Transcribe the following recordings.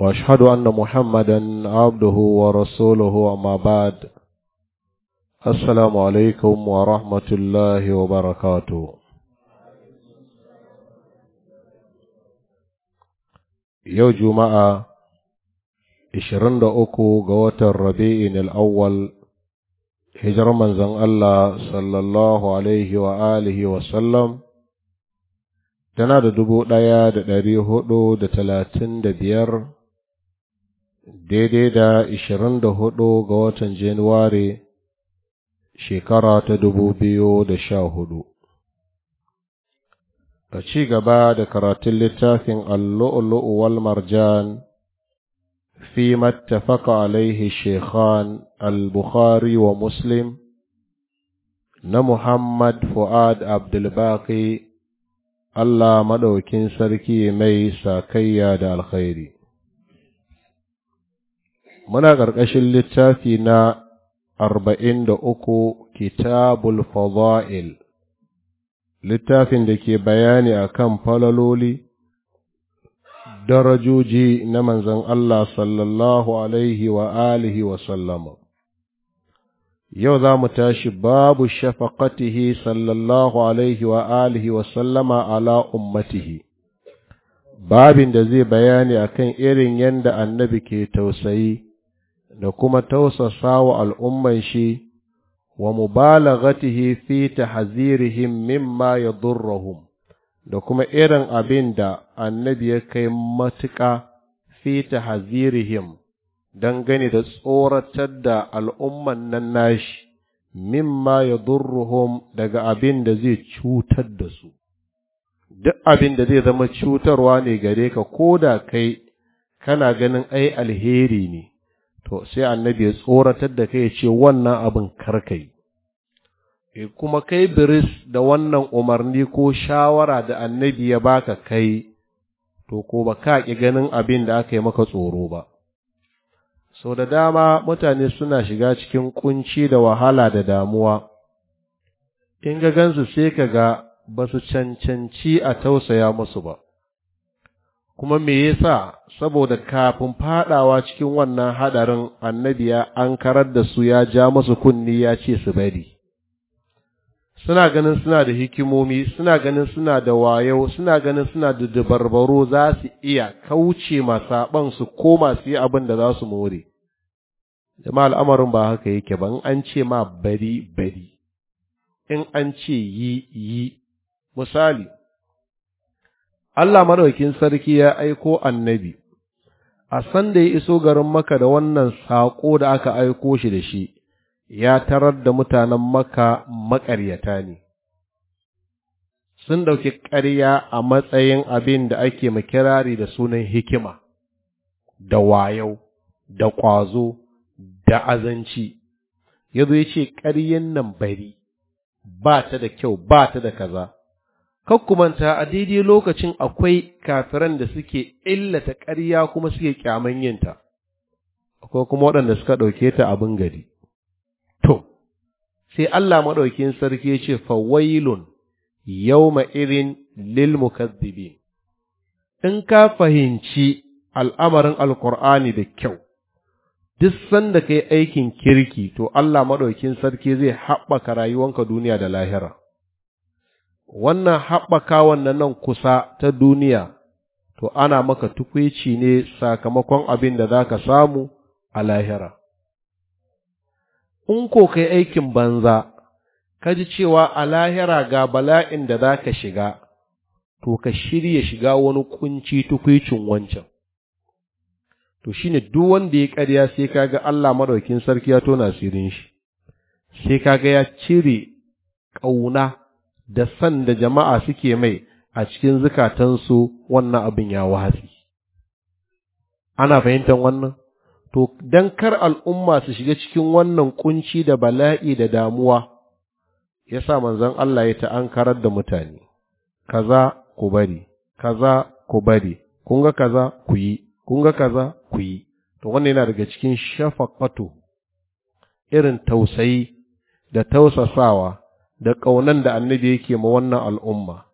واشهد ان محمدا عبده ورسوله اما بعد السلام عليكم ورحمه الله وبركاته يوم جمعه uku ga watan rabi'in al-awwal hijirar manzan Allah sallallahu alaihi wa alihi wa sallam tana da dubu ɗaya da ɗari hudu da talatin da biyar daidai da hudu ga watan Januwari shekara ta dubu biyu da 2014. Ka ci gaba da karatun littafin Allu'ulu'u wal Marjan fi mattafaka alaihi Shekhan al-Bukhari wa Muslim na Muhammad Fu'ad Abdulbaki Allah maɗaukin sarki mai sakayya da alkhairi. muna ƙarƙashin littafi na arba'in da uku kitabul fada'il littafin da ke bayani a kan falaloli darajoji na manzan Allah sallallahu alaihi wa alihi wa sallama yau za mu tashi babu shafaƙatihi sallallahu alaihi wa alihi wa sallama ala ummatihi babin da zai bayani akan irin yadda annabi ke tausayi da kuma tausasa wa al'umman shi wa mubalaghatihi fi tahzirihim mimma yadurruhum da kuma irin abin da annabi ya kai matuƙa fi tahzirihim gani da tsoratar da al'umman nan nashi mimma yadurruhum daga abin da zai cutar da su duk abin da zai zama cutarwa ne gare ka ko da kai kana ganin ai alheri ne to sai annabi ya tsoratar da kai ya ce wannan abin karkai e eh, kuma kai biris da wannan umarni ko shawara da annabi ya baka kai to ko ba ka ki ganin abin da aka yi maka tsoro ba sau da dama mutane suna shiga cikin kunci da wahala da damuwa in ga gansu sai ka ga ba su cancanci a tausaya musu ba kuma me yasa saboda kafin fadawa cikin wannan hadarin annabi ya an karar da su ya ja masu kunni ya ce su bari suna ganin suna da hikimomi suna ganin suna da wayo suna ganin suna da dabarbaro za su iya kauce masaban su koma su yi abin da za su more jama'a al'amarin ba haka yake ba in an ce ma bari bari in an ce yi yi misali Allah madaukin sarki ya aiko annabi a san da ya iso garin maka da wannan saƙo da aka aiko shi da shi ya tarar da mutanen maka maƙaryata ne sun ɗauki ƙarya a matsayin abin da ake makirari da sunan hikima da wayau da ƙwazo da azanci ya zo ya ce ƙaryen nan bari ba ta da kyau ba ta da kaza kakkumanta a daidai lokacin akwai kafiran da suke illata ƙarya kuma suke kyaman yinta, akwai kuma waɗanda suka ɗauke ta abin gari. To, sai Allah maɗaukin sarki ce fawailun yauma irin lil In ka fahimci al'amarin Alƙur'ani da kyau, duk sanda ka yi aikin kirki, to Allah maɗaukin sarki zai haɓaka rayuwanka duniya da lahira. wannan haɓaka wannan nan kusa ta duniya to ana maka tukwici ne sakamakon abin da za ka samu a lahira in ko kai aikin banza ka ji cewa a lahira ga bala'in da za ka shiga to ka shirya shiga wani kunci tukwicin wancan to ne duk wanda ya karya sai ka ga Allah madaukin sarki ya tona sirin shi sai kaga ya cire ƙauna da san da jama'a suke mai a cikin zukatansu wannan abin ya watsi. Ana fahimtar wannan? To, don kar al'umma su shiga cikin wannan kunci da bala'i da damuwa, ya sa manzon Allah ya ta'ankarar da mutane, kaza ku bari, kaza ku bari, kun ga kaza ku yi, kun ga kaza ku yi. To, wannan yana daga cikin shafaƙato, irin tausayi da tausasawa da ƙaunan da annabi yake ma wannan al'umma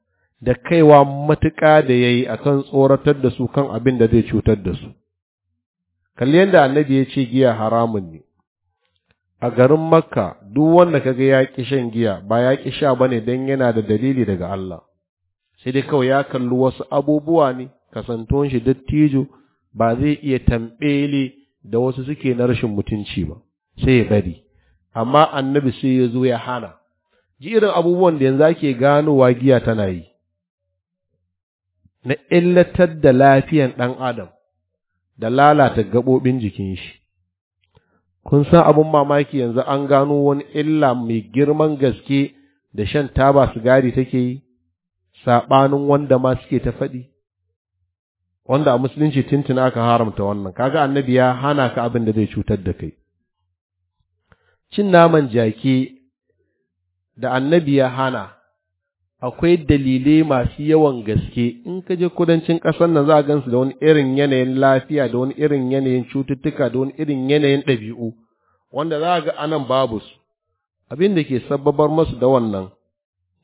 da kaiwa matuƙa da ya yi a tsoratar da su kan abin da zai cutar da su kalli yadda annabi ya ce giya haramun ne a garin makka duk wanda kaga ya ƙi shan giya ba ya ƙi sha ba ne don yana da dalili daga Allah sai dai kawai ya kalli wasu abubuwa ne kasantuwan shi dattijo ba zai iya tambele da wasu suke na rashin mutunci ba sai ya bari amma annabi sai ya zo ya hana ji irin abubuwan da yanzu ake ganowa giya tana yi na illatar da lafiyan ɗan adam da lalata gaɓoɓin jikin shi kun san abin mamaki yanzu an gano wani illa mai girman gaske da shan taba sigari take yi saɓanin wanda ma suke ta faɗi wanda a musulunci tintin aka haramta wannan kaga annabi ya hana ka abin da zai cutar da kai cin naman jaki da annabi ya hana akwai dalilai masu yawan gaske in ka je kudancin ƙasar nan za a gansu da wani irin yanayin lafiya da wani irin yanayin cututtuka da wani irin yanayin ɗabi'u wanda za a ga anan babu su abin da ke sabbabar masu da wannan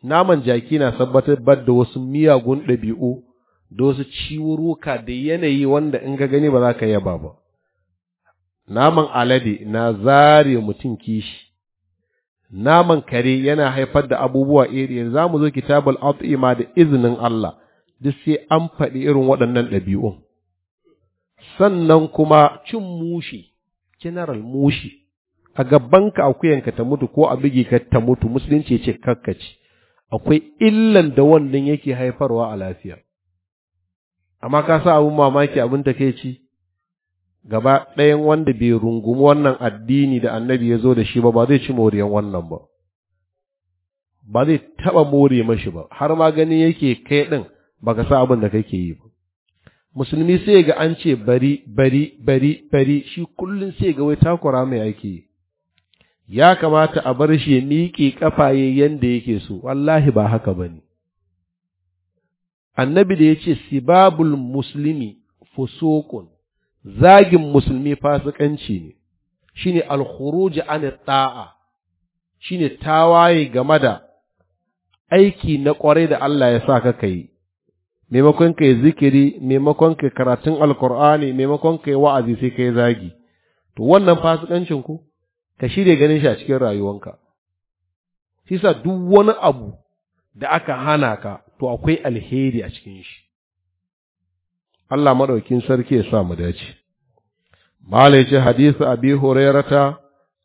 naman jaki na sabbatar da wasu miyagun ɗabi'u da wasu ciwuruka da yanayi wanda in ka gani ba za ka yaba ba naman alade na zare mutum kishi naman kare yana haifar da abubuwa iri za mu zo kitabul at'ima da izinin Allah duk sai an faɗi irin waɗannan ɗabi'un sannan kuma cin mushi general mushi a gaban gabanka akuyanka ta mutu ko a bige ka ta mutu musulunci ce kakkaci akwai illan da wannan yake haifarwa a lafiya amma ka sa abun mamaki abin ta ci gaba ɗayan wanda bai rungumi wannan addini da annabi ya zo da shi ba ba zai ci moriyan wannan ba ba zai taɓa more mashi ba har ma gani yake kai ɗin ba ka sa abin da kake yi ba musulmi sai ga an ce bari bari bari bari shi kullum sai ga wai takura mai ake ya kamata a bar shi ya miƙe ƙafaye yanda yake so wallahi ba haka ba ne annabi da ya ce sibabul Musulmi fusokun zagin musulmi fasikanci ne shine al-khuruj an ta'a shine tawaye game da aiki na kwarai da Allah ya sa ka kai maimakon ka yi zikiri maimakon ka karatun alkur'ani maimakon ka yi wa'azi sai ka yi zagi to wannan fasikancin ku ka shirya ganin shi a cikin rayuwanka shi sa duk wani abu da aka hana ka to akwai alheri a cikin shi Allah maɗaukin sarki ya sa mu dace. Malai ce hadisu abi hurairata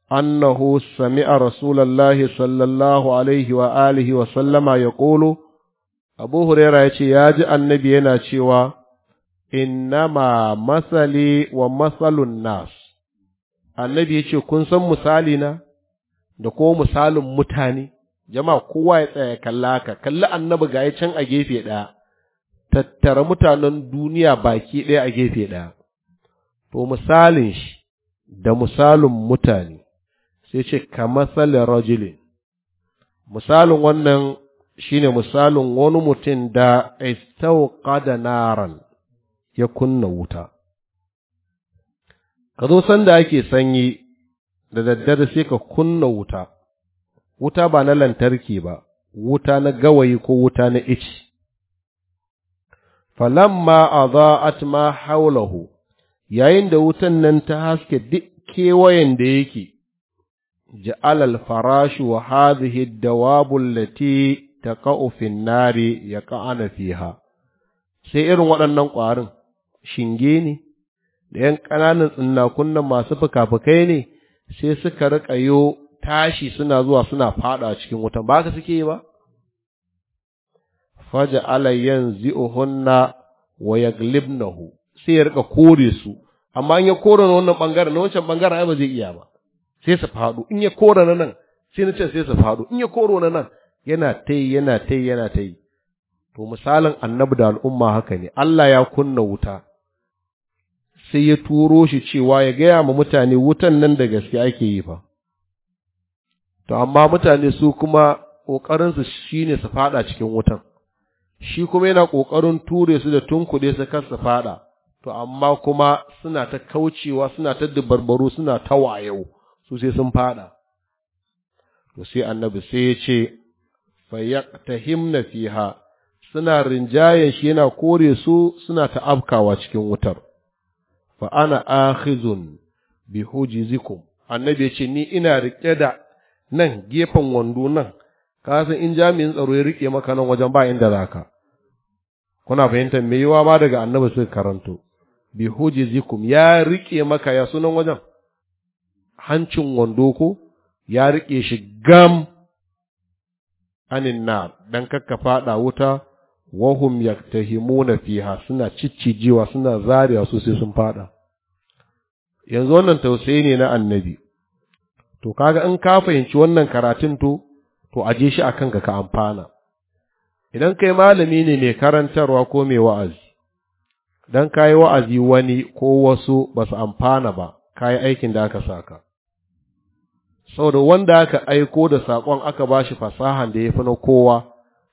annahu sami'a rasulallahi sallallahu alaihi wa alihi wa sallama ya ƙolo, abu huraira ya ce ya ji annabi yana cewa, Innama masali wa masalun nas, annabi ya ce, Kun san misali na da ko misalin mutane, jama'a kowa ya tsaya kalla ka, kalli annabi ga can a gefe ɗaya. tattara mutanen duniya baki ɗaya a gefe ɗaya to misalin shi da misalin mutane sai ce ka kamasalin rajulin misalin wannan shine misalin wani mutum da istauqa da naran ya kunna wuta ka zo sanda ake sanyi da daddare sai ka kunna wuta wuta ba na lantarki ba wuta na gawayi ko wuta na ici falamma adaat ma haulahu yayin da wutan nan ta haske duk kewayen da yake ja'al al-farashu wa hadhihi ad-dawabu allati taqa'u fi an-nari fiha sai irin waɗannan ƙwarin shinge ne da ‘yan ƙananan tsinnakunan masu fuka-fukai ne sai suka riƙa yo tashi suna zuwa suna faɗa cikin wutan ba ka suke yi ba faja'ala yanzi'uhunna wa yaglibnahu sai ya rika kore su amma in ya kore na wannan bangaren na wancan bangaren ai ba zai iya ba sai su fadu in ya kore na nan sai na can sai su fadu in ya kore na nan yana ta yana ta yana ta to misalin annabi da al'umma haka ne Allah ya kunna wuta sai ya turo shi cewa ya gaya ma mutane wutan nan da gaske ake yi fa to amma mutane su kuma ƙoƙarinsu shine su faɗa cikin wutan shi kuma yana ƙoƙarin ture su da tunkuɗe su kar su faɗa to amma kuma suna ta kaucewa suna ta dubarbaro suna ta wayo su sai sun faɗa to sai annabi sai ya ce himna fiha suna rinjayen shi yana kore su suna ta afkawa cikin wutar fa ana akhizun bi hujizikum annabi ya ce ni ina rike da nan gefen wando nan ka san in jami'in tsaro ya rike maka nan wajen ba inda zaka kuna fahimta me yiwa ma daga annabi suka karanto bi hujizikum ya rike maka ya sunan wajen hancin wando ko ya rike shi gam anin nar dan kakka fada wuta wahum yaktahimuna fiha suna ciccijewa suna zariya su sai sun fada yanzu wannan tausayi ne na annabi to kaga in ka fahimci wannan karatun to to aje shi akan ka ka amfana idan kai malami ne mai karantarwa ko mai wa'azi don ka yi wa'azi wani ko wasu ba su amfana ba ka yi aikin da aka saka saboda wanda aka aiko da saƙon aka ba shi fasahan da ya fi na kowa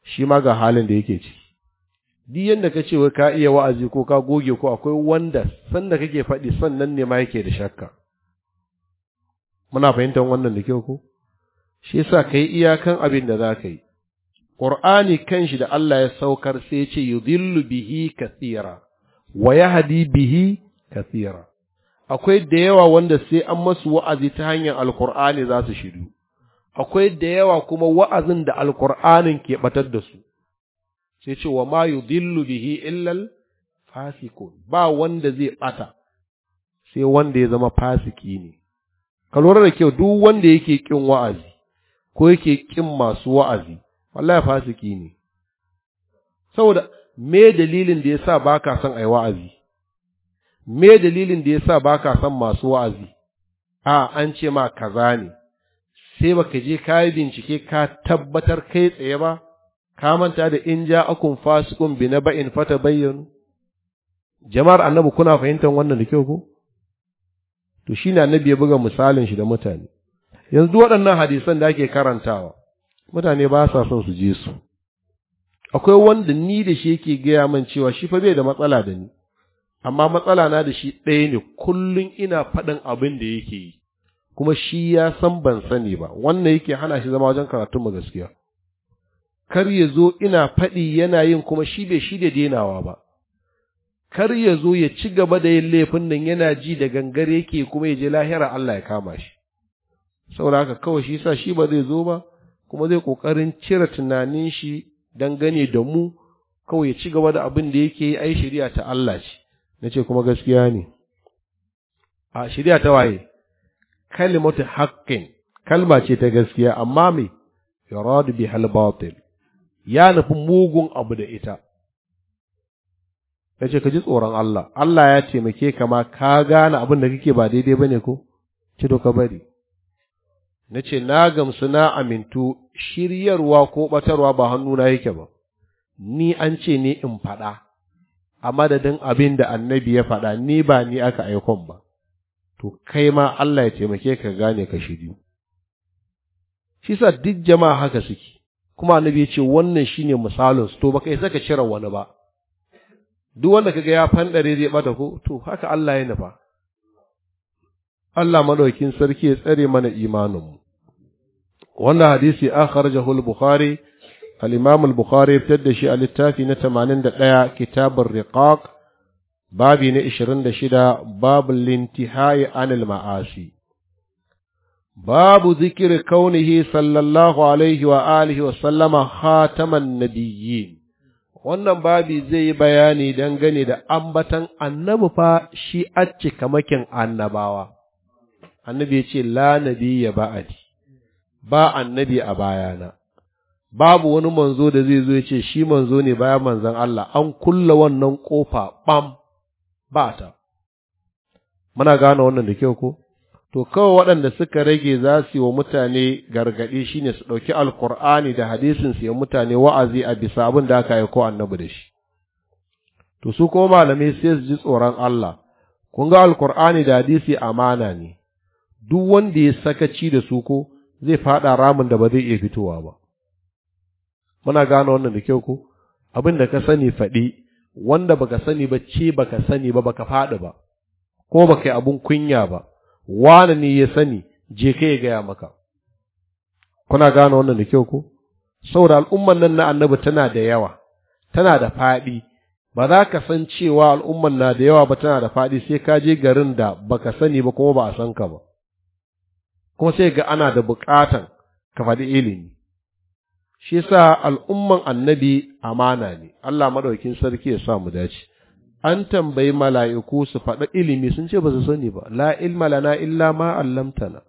shi ma ga halin da yake ci. duk yadda ka ce ka iya wa'azi ko ka goge ko akwai wanda sanda kake faɗi sannan ne ma yake da shakka muna fahimtar wannan da kyau ko shi sa ka yi iyakan abin da za ka yi Ƙur'ani kanshi da Allah ya saukar sai ya ce yudhillu bihi kathira wa yahdi bihi kathira akwai da yawa wanda sai an masu wa'azi ta hanyar alkur'ani za su shiru akwai da yawa kuma wa'azin da alkur'anin ke batar da su sai ce wa ma yudhillu bihi illal fasikun ba wanda zai bata sai wanda ya zama fasiki ne ka da kyau duk wanda yake kin wa'azi ko yake kin masu wa'azi wallahi fasiki ne saboda me dalilin da yasa baka son ai wa'azi me dalilin da yasa baka son masu wa'azi a an ce ma kaza ne sai baka je ka yi bincike ka tabbatar kai tsaye ba ka manta da in ja akun fasikun bi na ba'in fata bayyanu jama'ar annabi kuna fahimtar wannan da kyau ko to shine annabi ya buga misalin shi da mutane yanzu waɗannan hadisan da ake karantawa mutane ba sa son su je su akwai wanda ni da shi yake gaya man cewa shi fa bai da matsala da ni amma matsala na da shi ɗaya ne kullum ina faɗin abin da yake yi kuma shi ya san ban sani ba wannan yake hana shi zama wajen karatu mu gaskiya kar ya zo ina faɗi yana yin kuma shi bai shi da denawa ba kar ya zo ya ci gaba da yin laifin nan yana ji da gangare yake kuma ya je lahira Allah ya kama shi saboda haka kawai shi sa shi ba zai zo ba kuma zai ƙoƙarin cire tunanin shi gane da mu kawai ya ci gaba da abin da yake yi ai shari'a ta Allah ce na ce kuma gaskiya ne a shari'a ta waye kalimatu haqqin kalma ce ta gaskiya amma me yuradu bi hal batil ya nufi mugun abu da ita ya ce ka ji tsoron Allah Allah ya taimake ka ma ka gane abin da kake ba daidai bane ko ci to ka bari na ce na gamsu na amintu shiryarwa ko batarwa ba hannuna yake ba ni an ce ni in faɗa a madadin abin da annabi ya faɗa ni ba ni aka aikon ba to kai ma Allah ya taimake ka gane ka shiryu shi sa duk jama'a haka suke kuma annabi ya ce wannan shine misalin su to baka kai saka cire wani ba duk wanda kaga ya fandare zai bata ko to haka Allah ya nufa Allah maɗaukin sarki ya tsare mana imaninmu. Wannan hadisi an kharjahul Bukhari, al bukhari fitar da shi a littafi na 81 kitabur Riqaq, babi na 26 babul lintihai anil ma'asi. Babu zikir kaunihi sallallahu alaihi wa alihi wa sallama khataman nabiyyin. Wannan babi zai yi bayani dangane da ambatan annabi fa shi a cikamakin annabawa. annabi ya ce la nabiyya ba'adi ba annabi a bayana babu wani manzo da zai zo ya ce shi manzo ne bayan manzan Allah an kulla wannan kofa bam ba ta muna gane wannan da kyau ko to kawai waɗanda suka rage za su yi wa mutane gargaɗi shine su ɗauki alkur'ani da hadisin su yi mutane wa'azi a bisa abin da aka yi ko annabi da shi to su ko malamai sai su ji tsoron Allah kun ga alkur'ani da hadisi amana ne duk wanda ya sakaci da su ko zai faɗa ramin da ba zai iya fitowa ba muna gane wannan da kyau ko abin da ka sani faɗi wanda baka sani ba ce baka sani ba baka faɗi ba ko baka yi abun kunya ba wani ne ya sani je ka ya gaya maka kuna gane wannan da kyau ko saboda al'umman nan na annabi tana da yawa tana da faɗi ba za ka san cewa al'umman na da yawa ba tana da faɗi sai ka je garin da baka sani ba kuma ba a san ka ba kuma sai ga ana da buƙatan ka faɗi ilimi shi sa al'umman annabi amana ne Allah madaukin sarki ya sa mu dace an tambayi mala'iku su faɗi ilimi sun ce ba su sani ba la ilma lana illa ma allamtana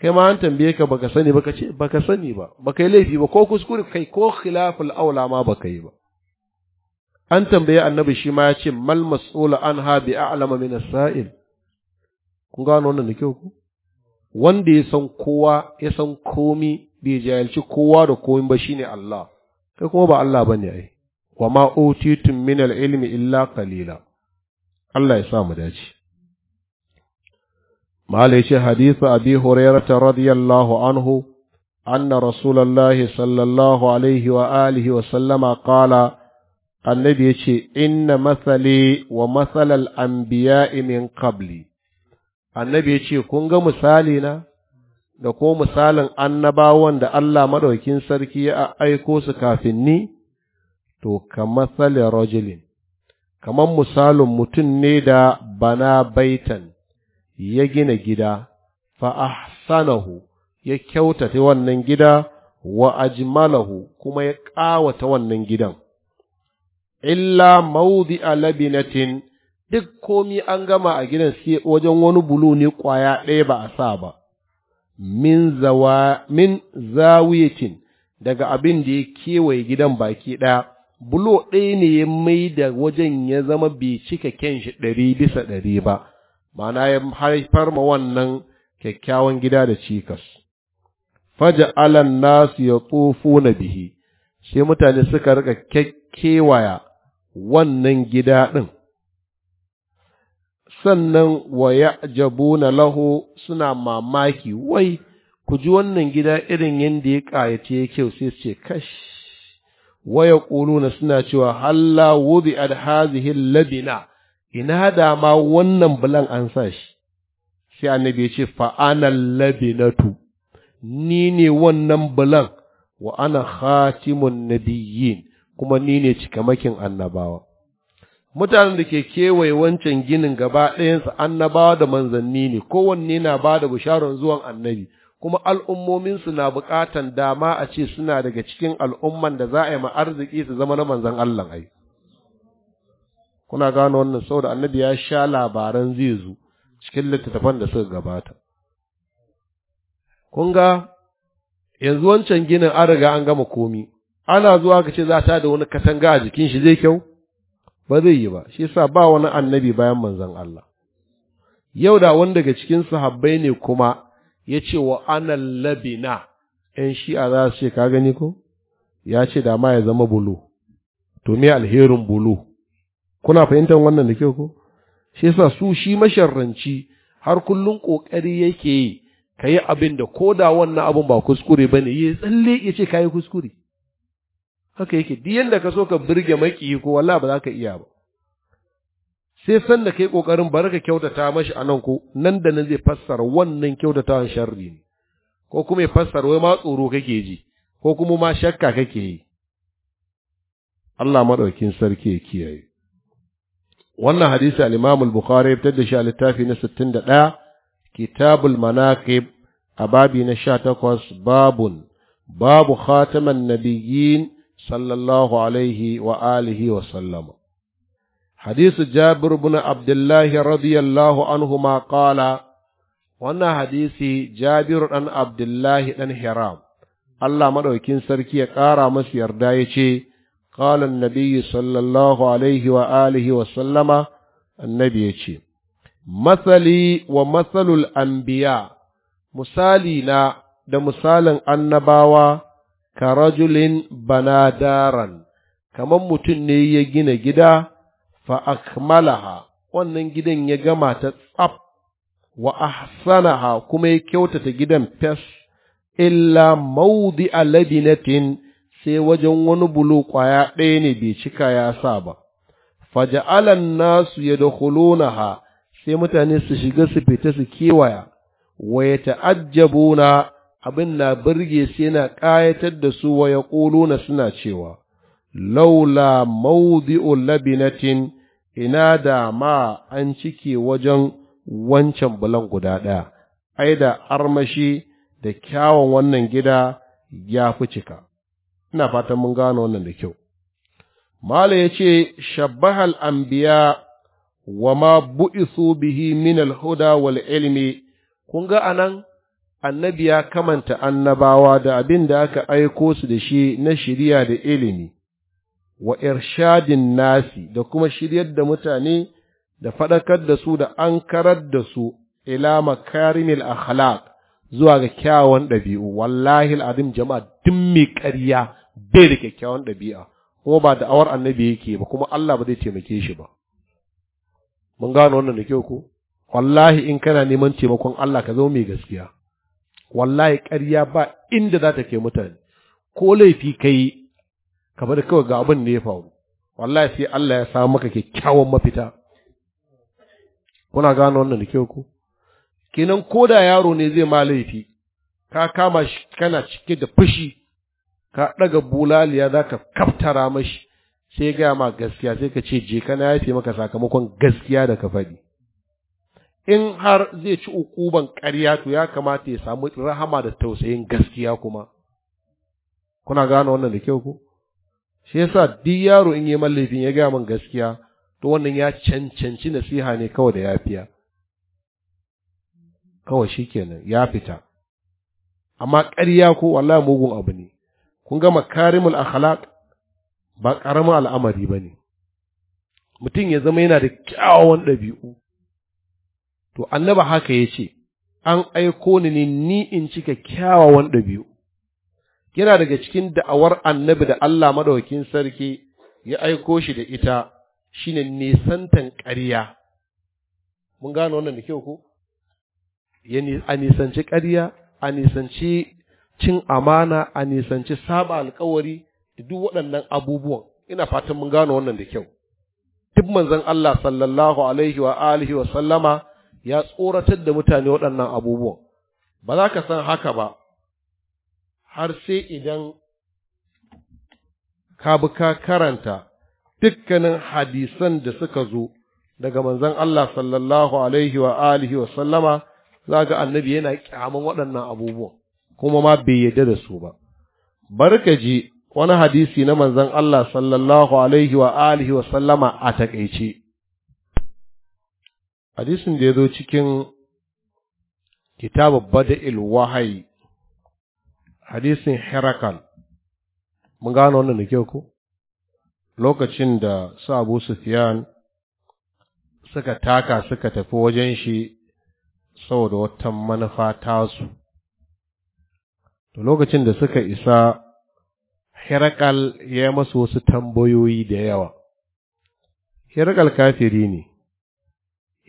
kai ma an tambaye ka baka sani baka ce baka sani ba baka yi laifi ba ko kuskure kai ko khilaful aula ma baka yi ba an tambaye annabi shi ma ya ce mal mas'ula an ha bi a'lama min as-sa'il kun gano wannan da kyau ku wanda ya san kowa ya san komi bai jahilci kowa da komi ba shine Allah kai kuma ba Allah bane ai wa ma utitum min ilmi illa qalila Allah ya sa mu dace malai ce hadithu abi hurairah radiyallahu anhu أن رسول الله صلى wa عليه وآله وسلم قال النبي إن مثلي ومثل الأنبياء من qabli. annabi ya ce kun ga misali na da ko misalin annabawan da Allah maɗaukin sarki ya aiko su kafin ni to kamar tsale rajulin kamar misalin mutum ne da bana baitan ya gina gida fa'ahsanahu ya kyautata wannan gida wa ajmalahu kuma ya ƙawata wannan gidan illa maudi labinatin duk komi an gama a gidan sai wajen wani bulu ne ƙwaya ɗaya ba a sa ba, min zawa min daga abin da ya kewaye gidan baki ɗaya, bulo ɗaya ne ya mai da wajen ya zama bai cika kyan shi ɗari bisa ɗari ba, ma'ana ya haifar ma wannan kyakkyawan gida da cikas. Faja alan nasu ya tsofo na bihi, sai mutane suka rika kyakkewaya wannan gida ɗin. sannan wa ya'jabuna lahu suna mamaki wai ku ji wannan gida irin yadda ya ƙayace ya kyau sai su ce kash waya ƙuluna suna cewa halla wudi ad hazihi labina ina da ma wannan bulan an sa shi sai annabi ya ce fa labinatu ni ne wannan bulan wa ana khatimun nabiyyin kuma ni ne cikamakin annabawa mutanen da ke kewaye wancan ginin gaba ɗayansa annabawa da manzanni ne kowanne na ba da bisharar zuwan annabi kuma al'ummominsu na buƙatan dama a ce suna daga cikin al'umman da za a yi arziki su zama na manzan Allah ai. Kuna gano wannan saboda annabi ya sha labaran zai zo cikin littattafan da suka gabata. Kun ga yanzu wancan ginin an riga an gama komi, ana zuwa ka ce za ta da wani katanga a jikin shi zai kyau? ba zai yi ba shi yasa ba wani annabi bayan manzon Allah yau da wani daga cikin sahabbai ne kuma ya ce wa anan labina ‘yan shi'a za su ce ka gani ko ya ce da ma ya zama bulu to me alherin bulu kuna fahimtar wannan da kyau ko shi yasa su shi masharranci har kullum ƙoƙari yake yi ka yi abin da ko da wannan abin ba kuskure ba ne ya tsalle ya ce ka yi kuskure haka yake duk yanda ka so ka burge maki ko wala ba za ka iya ba sai san da kai kokarin bar ka kyautata mashi nan ko nan da nan zai fassara wannan kyautatawan sharri ne ko kuma ya fassara wai ma tsoro kake ji ko kuma ma shakka kake yi Allah madaukin sarki ya kiyaye wannan hadisi al-Imam al-Bukhari fitar da shi a littafi na 61 Kitabul Manaqib a babi na 18 babun babu khataman nabiyyin sallallahu alaihi wa alihi wa sallama hadisu jabir bin abdullahi radiyallahu anhu ma kala wannan hadisi jabiru dan abdullahi dan hiram Allah madaukin sarki ya ƙara masa yarda ya ce قال النبي صلى الله عليه وآله وسلم النبي يشي مثلي ومثل الأنبياء مثالي نا da misalin annabawa bana daran, kamar mutum ne ya gina gida fa akmalaha wannan gidan ya gama ta tsaf wa ahsanaha kuma ya kyautata gidan fes illa maudi a labinatin sai wajen wani bulo kwaya ɗaya ne bai cika ya sa ba faja'alan nasu ya ha sai mutane su shiga su fita su kewaya wa ya ta'ajjabuna abin na birge su yana ƙayatar da su wa ya ƙuluna suna cewa, Laula maudi'u labinatin ina da ma an cike wajen wancan bulan guda ɗaya, ai da armashi da kyawun wannan gida ya fi cika. Ina fatan mun gano wannan da kyau. Mala ya ce, Shabbahal anbiya wa ma bu'isu bihi min huda wal ilmi, kun ga anan annabi ya kamanta annabawa da abin da aka aiko su da shi na shirya da ilimi, wa irshadin nasi da kuma shiryar da mutane da faɗakar da su da an karar da su ila makarimil akhlaq zuwa ga kyawun ɗabi'u, wallahi al'adim jama'a duk mai ƙarya bai da kyakkyawan ɗabi'a, kuma ba da'awar annabi yake ba, kuma Allah ba zai taimake shi ba. Mun gano wannan da kyau ko? Wallahi in kana neman taimakon Allah ka zama mai gaskiya. wallahi ƙarya ba inda za ta ke mutane ko laifi ka yi ka bari kawai ga abin da ya faru wallahi sai Allah ya samu maka kyakkyawan mafita kuna gano wannan da kyau ku kenan ko da yaro ne zai ma laifi ka kama shi kana cike da fushi ka ɗaga bulaliya za ka kaftara mashi sai gaya ma gaskiya sai ka ce je kana fi maka sakamakon gaskiya da ka faɗi in har zai ci ukuban ƙarya to ya kamata ya samu rahama da tausayin gaskiya kuma kuna gane wannan da kyau ko shi yasa duk yaro in yi mallafin ya gaya min gaskiya to wannan ya cancanci nasiha ne kawai da yafiya kawai shikenan ya fita amma ƙarya ko wallahi mugun abu ne kun ga makarimul akhlaq ba karamin al'amari ba ne mutum ya zama yana da kyawawan ɗabi'u to annaba haka ya ce an aiko ni ne ni in cika kyawawan ɗabi'u yana daga cikin da'awar annabi da Allah maɗaukin sarki ya aiko shi da ita shine nisantan ƙarya mun gano wannan da kyau ko a nisanci ƙarya a nisanci cin amana a nisanci saba alkawari da duk waɗannan abubuwan ina fatan mun gano wannan da kyau duk manzon Allah sallallahu alaihi wa alihi wa sallama ya tsoratar da mutane waɗannan abubuwan ba za ka san haka ba har sai idan ka bi ka karanta dukkanin hadisan da suka zo daga manzon Allah sallallahu alaihi wa alihi wa sallama za ga annabi yana kyaman waɗannan abubuwan kuma ma bai yarda da su ba barka ji wani hadisi na manzon Allah sallallahu alaihi wa alihi wa sallama a takaice hadisin da ya zo cikin kitabu bada'il wahayi hadisin herakal mun gano wannan da kyau ku. lokacin da su abu sufiyan suka taka suka tafi wajen shi saboda wata manufa tasu su, lokacin da suka isa herakal ya yi masu wasu tambayoyi da yawa herakal kafiri ne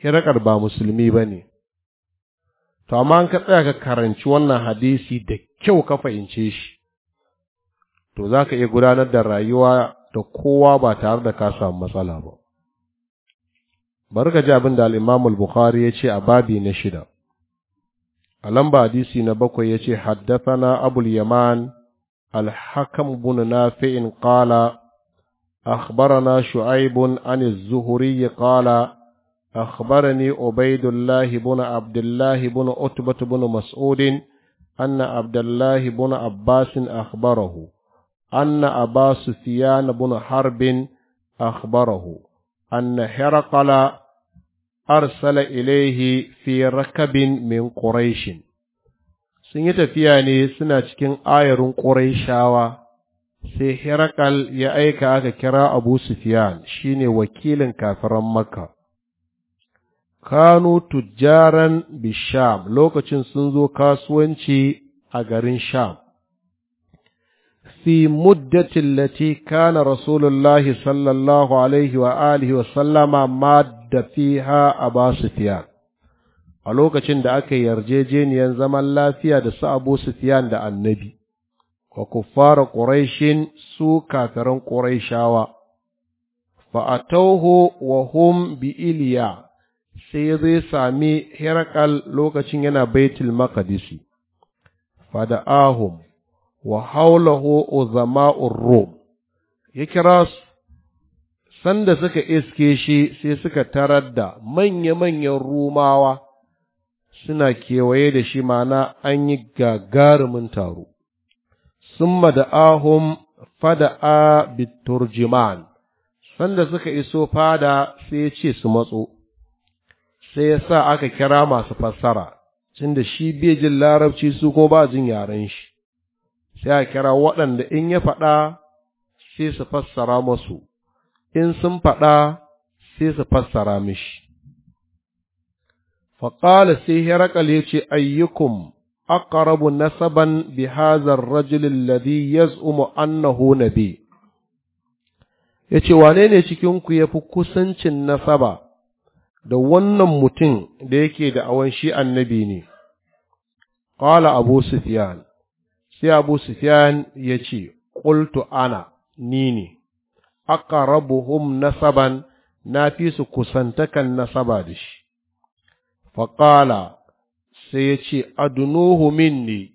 hirakar ba musulmi ba ne to amma an ka tsaya ka karanci wannan hadisi da kyau ka fahimce shi to za ka iya gudanar da rayuwa da kowa ba tare da ka samu matsala ba bari ka ji abin da al'imamul bukhari ya ce a babi na shida a lamba hadisi na bakwai ya ce na abul yaman الحكم بن نافع kala أخبرنا شعيب عن الزهري قال أخبرني عبيد الله بن عبد الله بن عتبة بن مسعود أن عبد الله بن عباس أخبره أن أبا سفيان بن حرب أخبره أن هرقل أرسل إليه في ركب من قريش sun yi tafiya ne suna cikin ayarin ƙuraishawa sai hirakal ya aika aka kira abu sufiyan shine wakilin kafiran makka kanu tujjaran bisham lokacin sun zo kasuwanci a garin sham fi muddatin lati kana rasulullahi sallallahu alaihi wa alihi wa sallama madda fiha aba a lokacin da aka yarjejeniyar zaman lafiya da su abu sufyan da annabi wa kuffara quraishin su kafiran quraishawa fa atawhu wa hum bi iliya sai ya zai sami Herakal lokacin yana baitul maqdisi ahum! wa haulahu uzama'ur rum ya kira su sanda suka iske shi sai suka tarar da manya-manyan rumawa suna kewaye da shi mana an yi gagarumin taro Summa da mada'ahum fada'a biturjiman sanda suka iso fada sai ya ce su matso sai ya sa aka kira masu fassara cin shi bai jin larabci su ko ba jin yaren shi sai a kira waɗanda in ya faɗa sai su fassara masu in sun faɗa sai su fassara mishi faƙala sai herakal ya ce ayyukum aqrabu nasaban bi hadha ar-rajul yaz'umu annahu nabi ce, wane ne cikinku ya fi kusancin nasaba da wannan mutum da yake da awan shi annabi ne qala abu sufyan sai abu sufyan ya ce qultu ana ni ne aqrabuhum nasaban na fi su kusantakan nasaba da shi faƙala sai ya ce adunuhu minni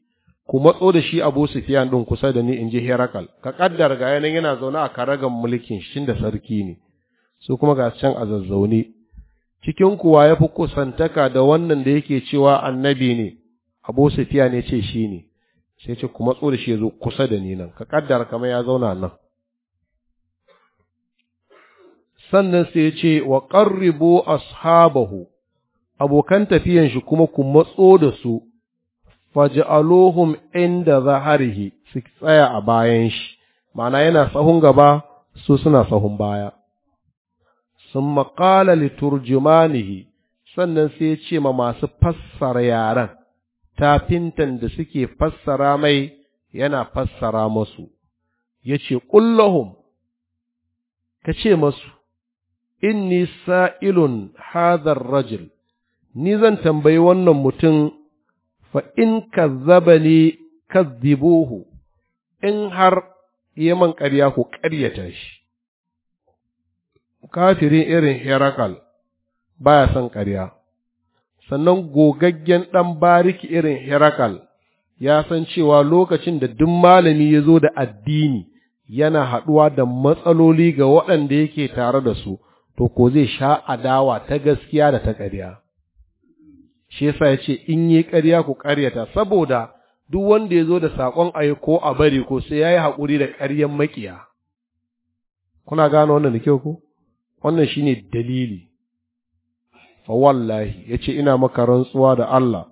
ku matso da shi abu sufiyan ɗin kusa da ni in ji herakal ka ƙaddar ga yana zaune a karagan mulkin shi da sarki ne su kuma ga can a zazzaune cikin kuwa ya fi kusantaka da wannan da yake cewa annabi ne abu sufiya ne ce shi ne sai ce kuma tsoro shi ya zo kusa da ni nan ka kaddar kamar ya zauna nan sannan sai ya ce wa qarribu ashabahu abokan tafiyan shi kuma ku matso da su alohun inda zaharihi su tsaya a bayan shi ma'ana yana sahun gaba su suna sahun baya sun maƙala liturjumanihi sannan sai ya ce ma masu fassara yaren tafintan da suke fassara mai yana fassara masu ya ce ƙullahum ka ce masu inni sa'ilun hadar rajil, ni zan tambayi wannan mutum fa in ka zaba kazzabani kazzibuhu in har man ƙarya ku ƙaryata shi kafirin irin herakal baya son ƙarya sannan gogaggen ɗan bariki irin herakal ya san cewa lokacin da duk malami ya zo da addini yana haɗuwa da matsaloli ga waɗanda yake tare da su to ko zai sha adawa ta gaskiya da ta ƙarya shi yasa ya ce in yi ƙarya ku ƙaryata saboda duk wanda ya zo da saƙon a ko a bari ko sai ya yi haƙuri da ƙaryan maƙiya kuna gane wannan da kyau ko wannan shine dalili fa wallahi yace ina maka rantsuwa da Allah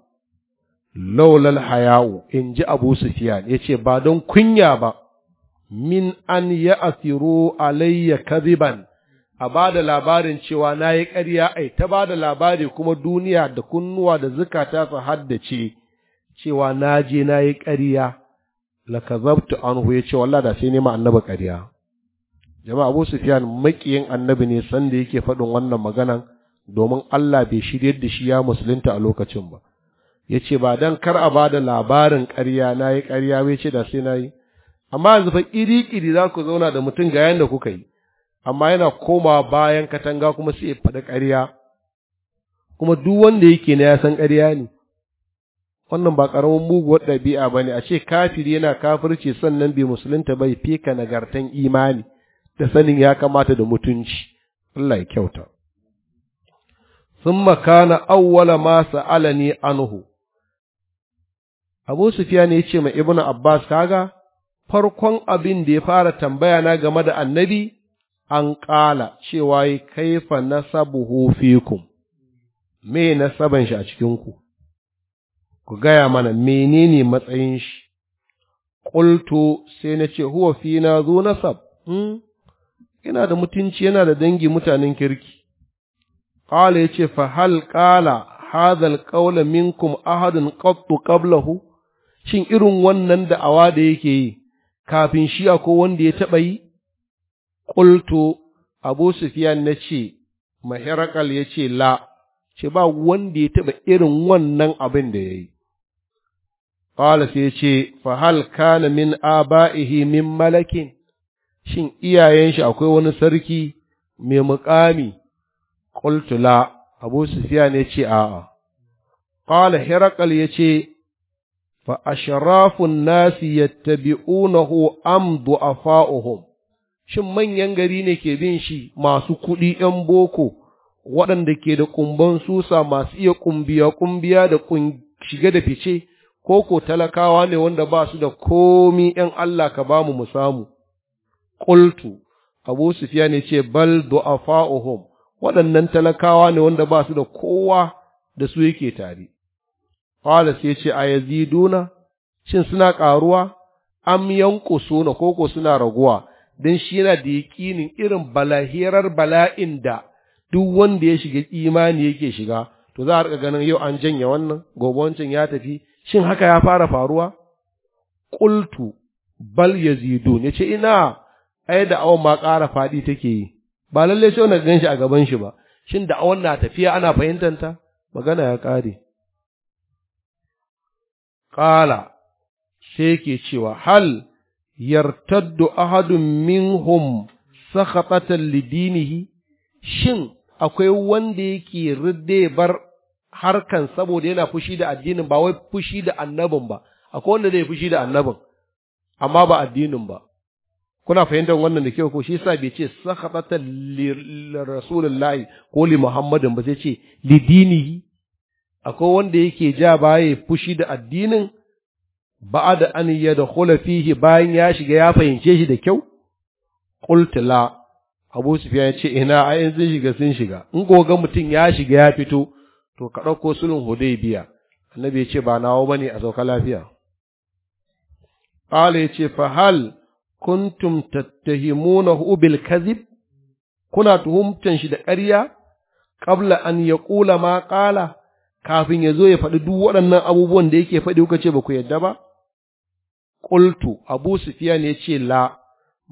laulal haya'u in ji Abu Ya yace ba don kunya ba min an ya'thiru alayya kadiban a ba da labarin cewa na yi ƙarya ai ta ba da labari kuma duniya da kunnuwa da zukata su haddace cewa na je na yi ƙarya la an huye ce wallahi da sai nema annaba ƙarya jama'a Abu Sufyan makiyin annabi ne sanda yake faɗin wannan maganan domin Allah bai shiryar da shi ya musulunta a lokacin ba yace ba dan kar a bada labarin ƙarya yi ƙarya bai ce da sai na yi. amma yanzu fa iri iri za ku zauna da mutum ga yanda kuka yi amma yana koma bayan katanga kuma sai ya faɗi ƙarya kuma duk wanda yake na ya san ƙarya ne wannan ba ƙaramin muguwar ɗabi'a ba ne a ce kafiri yana kafirci sannan bai musulunta bai fika nagartan imani da sanin ya kamata da mutunci Allah ya kyauta Sun makana awwala ma sa'alani anhu Abu Sufyan ya ce ma Ibn Abbas kaga farkon abin da ya fara tambaya na game da annabi an ƙala cewa yi kaifa nasabuhu fikum me na saban shi a cikinku ku gaya mana menene matsayin shi qultu sai na ce huwa zo zu nasab hmm? yana da mutunci yana da dangi mutanen kirki qala yace fa hal qala hadha al minkum ahadun qattu qablahu shin irin wannan da da'awa da yake yi kafin shi akwai wanda ya taba yi qultu abu sufyan nace ya yace la ce ba wanda ya taɓa irin wannan abin da yayi qala sai yace fa hal kana min aba'ihi min malakin shin iyayen shi akwai wani sarki mai muƙami qultu la abu sufyan ya ce a'a qala hiraqal ya ce fa ashrafun nasi yattabi'unahu am du'afa'uhum shin manyan gari ne ke bin shi masu kuɗi ‘yan boko waɗanda ke da kumban susa masu iya kumbiya-kumbiya da shiga da fice ko ko talakawa ne wanda ba su da komi ‘yan Allah ka ba mu samu qultu abu sufyan yace bal du'afa'uhum waɗannan talakawa ne wanda ba su da kowa da su yake tare qala sai yace yaziduna shin suna ƙaruwa am yanqusuna koko suna raguwa dan shi yana da yaƙinin irin balahirar bala'in da duk wanda ya shiga imani yake shiga to za a rika ganin yau an janye wannan gobe wancan ya tafi shin haka ya fara faruwa qultu bal yazidun yace ina ai da awon ma ƙara faɗi take yi ba lalle sai na gan shi a gaban shi ba shin da'awar na tafiya ana fahimtar ta magana ya ƙare qala sai ke cewa hal yartaddu ahadun minhum sakhatatan lidinihi shin akwai wanda yake ridde bar harkan saboda yana fushi da addinin ba wai fushi da annabin ba akwai wanda zai fushi da annabin amma ba addinin ba kuna fahimtar wannan da kyau ko shi yasa bai ce sakhatata rasulullahi ko li muhammadin ba sai ce li akwai wanda yake ja baya fushi da addinin ba'ada an yadkhula fihi bayan ya shiga ya fahimce shi da kyau qult la Abu Sufyan ya ce ina a yanzu shiga sun shiga in goga mutum ya shiga ya fito to ka dauko sulhun Hudaybiya annabi ya ce ba nawo bane a sauka lafiya qala ya ce fa hal kuntum tattahimunahu bil kazib kuna tuhumtan shi da ƙarya qabla an yaqula ma qala kafin ya zo ya faɗi duk waɗannan abubuwan da yake faɗi kuka ce ba ku yadda ba qultu abu sufyan ya ce la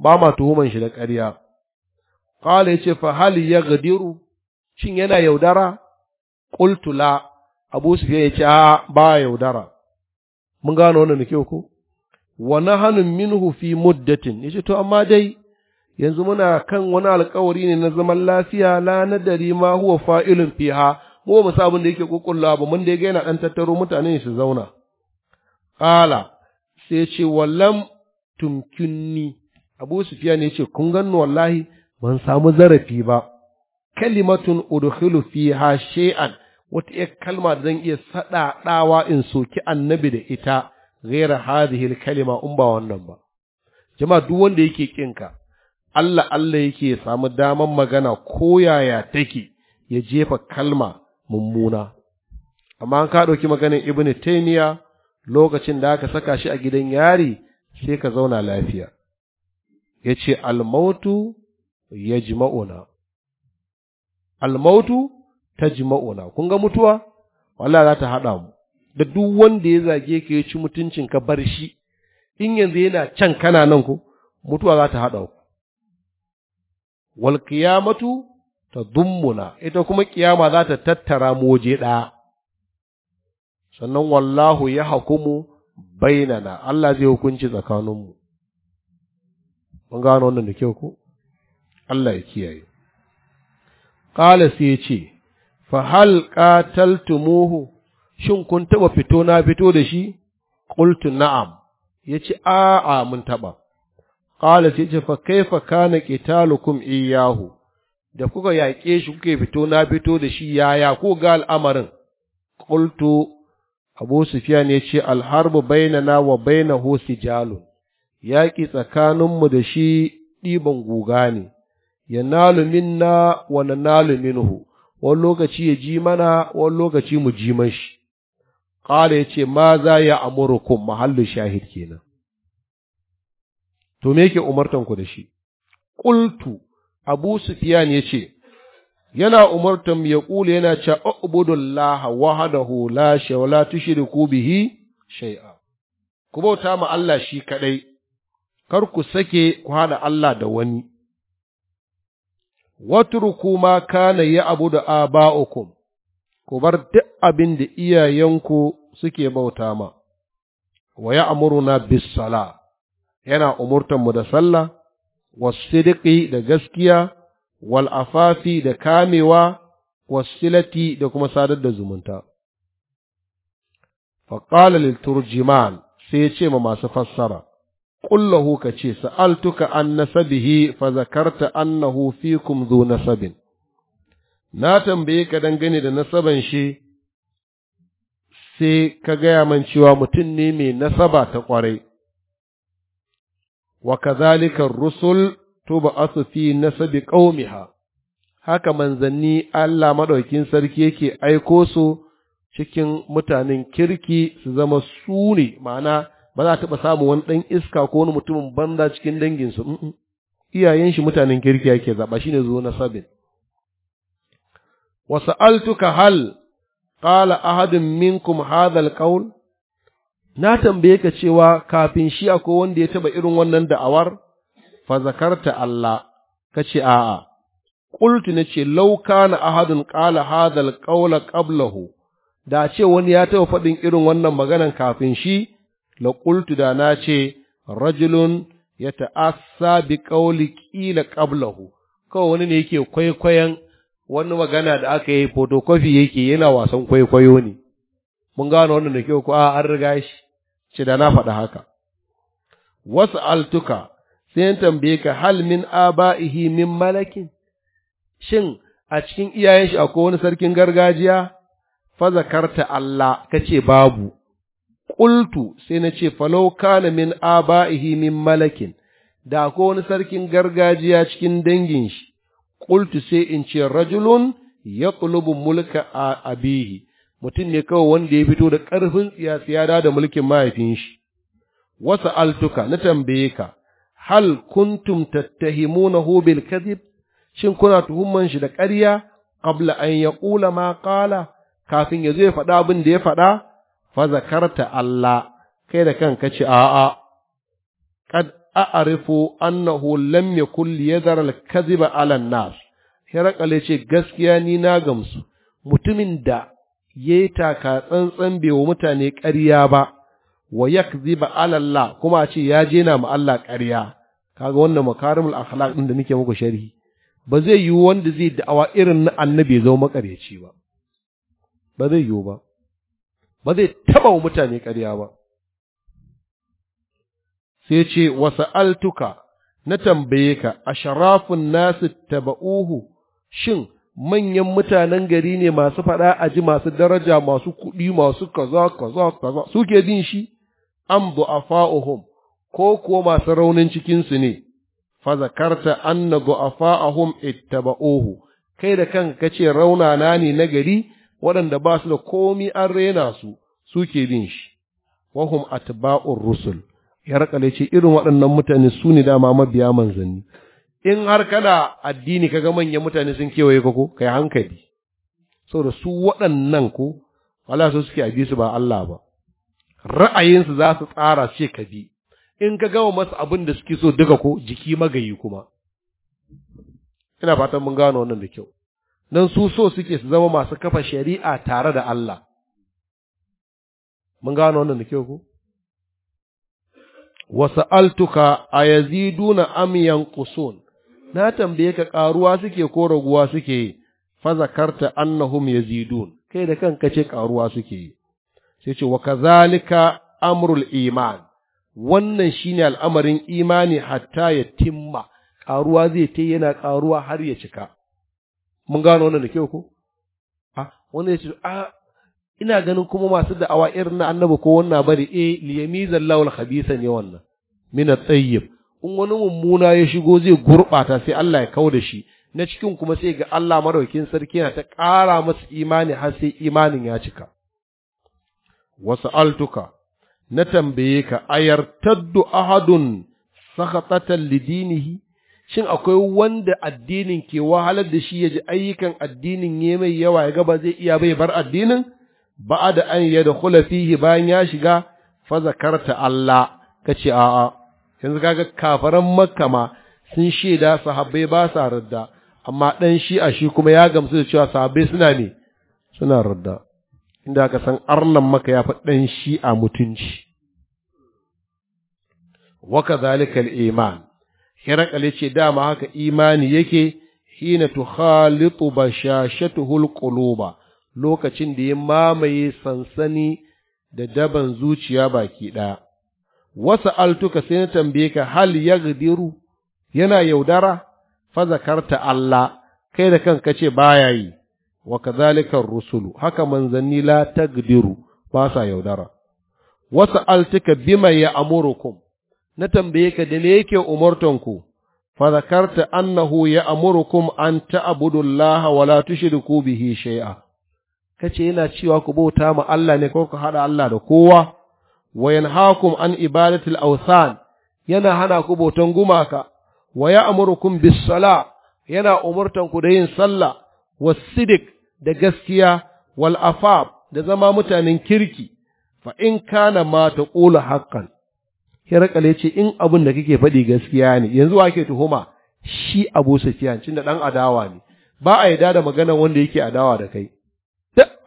ba ma tuhuman shi da ƙarya qala ya ce fa hal yaghdiru shin yana yaudara qultu la abu sufyan ya ce a ba yaudara mun gano wannan da kyau ko Wani hannun minhu fi muddatin yace to amma dai yanzu muna kan wani alkawari ne na zaman lafiya la nadari ma huwa fa'ilun fiha mu ba mu da yake kokulla ba mun da ga yana dan tattaro mutane su zauna qala sai ce wallam tumkinni Abu Sufyan yace kun gannu wallahi ban samu zarafi ba kalimatun udkhilu fiha shay'an wata kalma da zan iya saɗaɗawa in soki annabi da ita ghayra hadhihi kalima in ba wannan ba jama'a duk wanda yake kinka Allah Allah yake samu daman magana ko yaya take ya jefa kalma mummuna amma an ka ɗauki maganin ibn taymiya lokacin da aka saka shi a gidan yari sai ka zauna lafiya Yace almautu yajma'una almautu ta kun ga mutuwa wallahi za ta haɗa mu da duk wanda ya zage ka ya ci mutuncin ka bar shi in yanzu yana can kana nan ko mutuwa za ta haɗa ku wal qiyamatu dumuna. ita kuma kiyama za ta tattara mu waje ɗaya sannan wallahu ya hakumu bainana Allah zai hukunci tsakaninmu mun gano wannan da kyau ko Allah ya kiyaye qala ya ce fa hal qataltumuhu shin kun taɓa fito na fito da shi qultu na'am yace a'a mun taɓa ya yace fa kaifa kana qitalukum iyahu? da kuka yaƙe shi kuke fito na fito da shi yaya ko ga al'amarin qultu abu sufyan yace alharbu bainana wa bainahu sijalun yaƙi tsakaninmu da shi ɗiban guga ne Ya nalu minna wa nalu minhu wani lokaci ya ji mana wani lokaci mu ji mashi ya yace ma za ya amurukum mahallin shahid kenan to me yake umartan ku da shi qultu abu sufyan yace yana umartan ya kula yana cha ubudullaha wahdahu la shawla tushriku bihi shai'a. ku bauta ma Allah shi kaɗai, kar ku sake ku hada Allah da wani watruku ma kana ya abudu aba'ukum ku bar duk abin da iyayenku suke bauta ma wa ya'muruna bis sala yana umurtanmu mu da sallah was da gaskiya Walafafi da kamewa wasilati silati da kuma sadar da zumunta fa qala sai ya ce ma masu fassara qullahu ka ce sa'altuka an nasabihi fa zakarta annahu fikum zo nasabin na tambaye ka dangane da nasaban shi sai ka gaya man cewa mutum ne mai nasaba ta ƙwarai. Wa kazalika rusul tuba asu fi nasabi ƙaumiha, haka manzanni Allah maɗaukin sarki yake aiko su cikin mutanen kirki su zama su ne, ma'ana ba za a taɓa samun wani ɗan iska ko wani mutumin banza cikin danginsu, iyayen shi mutanen kirki yake zaɓa shi ne zo nasabin. Wasu altuka hal qala ahadun minkum hadha alqawl na tambaye ka cewa kafin shi akwai wanda ya taba irin wannan da'awar fa zakarta Allah kace a'a qultu nace law kana ahadun qala hadha alqawla qablahu da ce wani ya taba faɗin irin wannan maganan kafin shi la qultu da na ce rajulun ya ta'assa bi qawli qila qablahu kawai wani ne yake kwaikwayon wani magana da aka yi photocopy yake yana wasan kwaikwayo ne mun gano wannan da kyau kuwa an riga shi ce da na faɗa haka wasu altuka sai yin tambaye ka hal min aba'ihi min malakin shin a cikin iyayen shi akwai wani sarkin gargajiya fazakarta karta Allah ce babu ƙultu sai na ce falau kana min aba'ihi min malakin da akwai wani sarkin gargajiya cikin dangin shi Ƙultu sai in ce rajulun yaqlubu mulka abihi mutum ne kawai wanda ya fito da ƙarfin tsiya da mulkin mahaifin shi wasa altuka na tambaye ka hal kuntum na bil kazib shin kuna tuhumman shi da ƙarya qabla an ya ma qala kafin ya zo ya faɗa abin da ya faɗa fa zakarta Allah kai da kanka ci a'a kad a'arifu annahu lam yakul liyadhar al-kadhiba 'ala an-nas hirakale ce gaskiya ni na gamsu mutumin da yayi taka tsantsan bai wa mutane ƙarya ba wa yakdhiba 'ala Allah kuma a ce ya jena ma Allah ƙarya kaga wannan makarimul akhlaq din da muke muku sharhi ba zai yiwu wanda zai da'awa irin na annabi zama makaryaci ba ba zai yiwu ba ba zai taba wa mutane ƙarya ba sai ce wasa altuka na tambaye ka a sharafin nasu taba'uhu shin manyan mutanen gari ne masu faɗa a ji masu daraja masu kuɗi masu kaza kaza kaza suke bin shi an ko kuwa masu raunin cikinsu ne fa zakarta anna du'afa'ahum ittaba'uhu kai da kanka kace na ne na gari waɗanda ba su da komi an rena su suke bin shi wahum atba'ur rusul ya rakale ce irin waɗannan mutane su ne dama mabiya manzanni in har kana addini ka ga manyan mutane sun kewaye ka ko kai hankali saboda su waɗannan ko wala su suke abi su ba Allah ba ra'ayinsu za su tsara ce ka bi in ka gama masu abin da suke so duka ko jiki magayi kuma ina fatan mun gano wannan da kyau dan su so suke su zama masu kafa shari'a tare da Allah mun gano wannan da kyau ko Wasu altuka a na Amiyan Kusun. na tambaye ka karuwa suke ko raguwa suke yi fa annahum yazidun kai da kanka ce karuwa suke yi sai ce wa kazalika amrul iman wannan shine al'amarin imani hatta ya timma karuwa zai ta yana karuwa har ya cika mun gano wannan da kyau ko a ah, wanda ya ce a ah, ina ganin kuma masu da'awa irin na annabi ko wannan bari eh liyamizal lawal khabisa ne wannan min at-tayyib in wani mummuna ya shigo zai gurbata sai Allah ya kau da shi na cikin kuma sai ga Allah madaukin sarki yana ta ƙara masa imani har sai imanin ya cika wasu altuka na tambaye ka ayar taddu ahadun sakhatatan lidinihi shin akwai wanda addinin ke wahalar da shi ya ji ayyukan addinin ya mai yawa ya ga ba zai iya bai bar addinin da an da fihi bayan ya shiga fa ta Allah kace a'a yanzu kaga kafaran makka ma sun shaida sahabbai ba sa radda amma dan shi a shi kuma ya gamsu da cewa sahabbai suna ne suna radda inda aka san arnan maka ya fi dan shi a mutunci wa kadhalika al-iman hirakal ce dama haka imani yake hina tukhalitu bashashatuhu al-quluba lokacin da ya mamaye sansani da daban zuciya baki ɗaya. Wasu altuka sai na tambaye ka hal ya yana yaudara, fa zakarta Allah, kai da kanka ce baya yi, wa kazalikan rusulu, haka manzanni la ta ba sa yaudara. Wasu altuka bima ya amurukum, na tambaye ka da me yake umartanku, fa zakarta annahu ya amurukum an ta'budullaha wa wala tushriku bihi shay'a. kace yana cewa ku bauta ma Allah ne ko ku hada Allah da kowa Wayan hakum an ibadatil awsan yana hana ku bautan gumaka wa ya'murukum bis sala yana umurtan ku da yin sallah was da gaskiya wal afab da zama mutanen kirki fa in kana ma ta ƙula hakan hirakale ce in abin da kake faɗi gaskiya ne yanzu wake tuhuma shi Abu sufiyan cin da dan adawa ne ba a yarda da magana wanda yake adawa da kai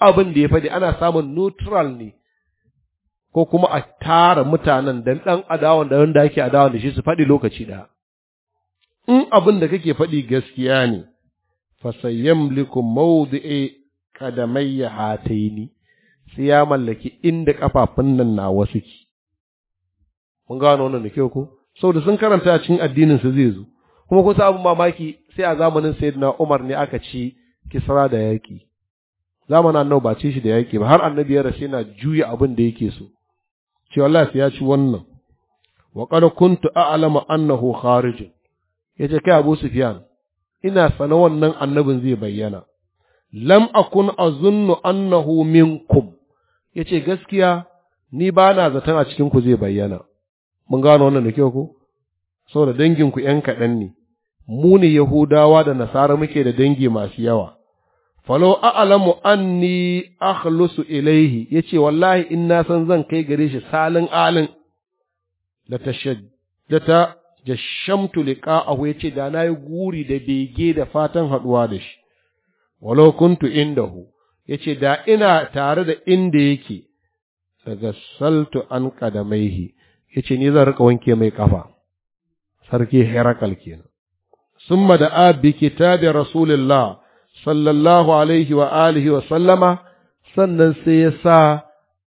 abin da ya faɗi ana samun neutral ne ko kuma a tara mutanen dan ɗan adawan da wanda ake adawan da shi su faɗi lokaci ɗaya in abin da kake faɗi gaskiya ne fasayyamliku mawdi'i qadamayya hataini sai ya mallaki inda kafafun nan na wasu ki mun gano wannan da kyau ko saboda sun karanta cikin addinin su zai zo kuma kusa san mamaki sai a zamanin sayyidina Umar ne aka ci kisra da yaki zamanin annabi ba ce shi da yaƙi ba har annabi ya rashe na juya abin da yake so ce wallahi ya ci wannan wa qad kuntu a'lamu annahu Ya yace kai Abu Sufyan ina sana wannan annabin zai bayyana lam akun azunnu annahu minkum yace gaskiya ni ba na zaton a cikin ku zai bayyana mun gano wannan da kyau ko saboda dangin ku ƴan kaɗan ne mu ne Yahudawa da Nasara muke da dangi masu yawa falo a'lamu anni akhlusu ilaihi yace wallahi in na san zan kai gare shi salin alin la tashaddata jashamtu liqa'ahu yace da nayi guri da bege da fatan haduwa da shi walau kuntu indahu yace da ina tare da inda yake daga saltu an qadamaihi yace ni zan rika wanke mai kafa sarki herakal kenan summa da abi kitabi rasulillah sallallahu alaihi wa alihi wa sallama sannan sai ya sa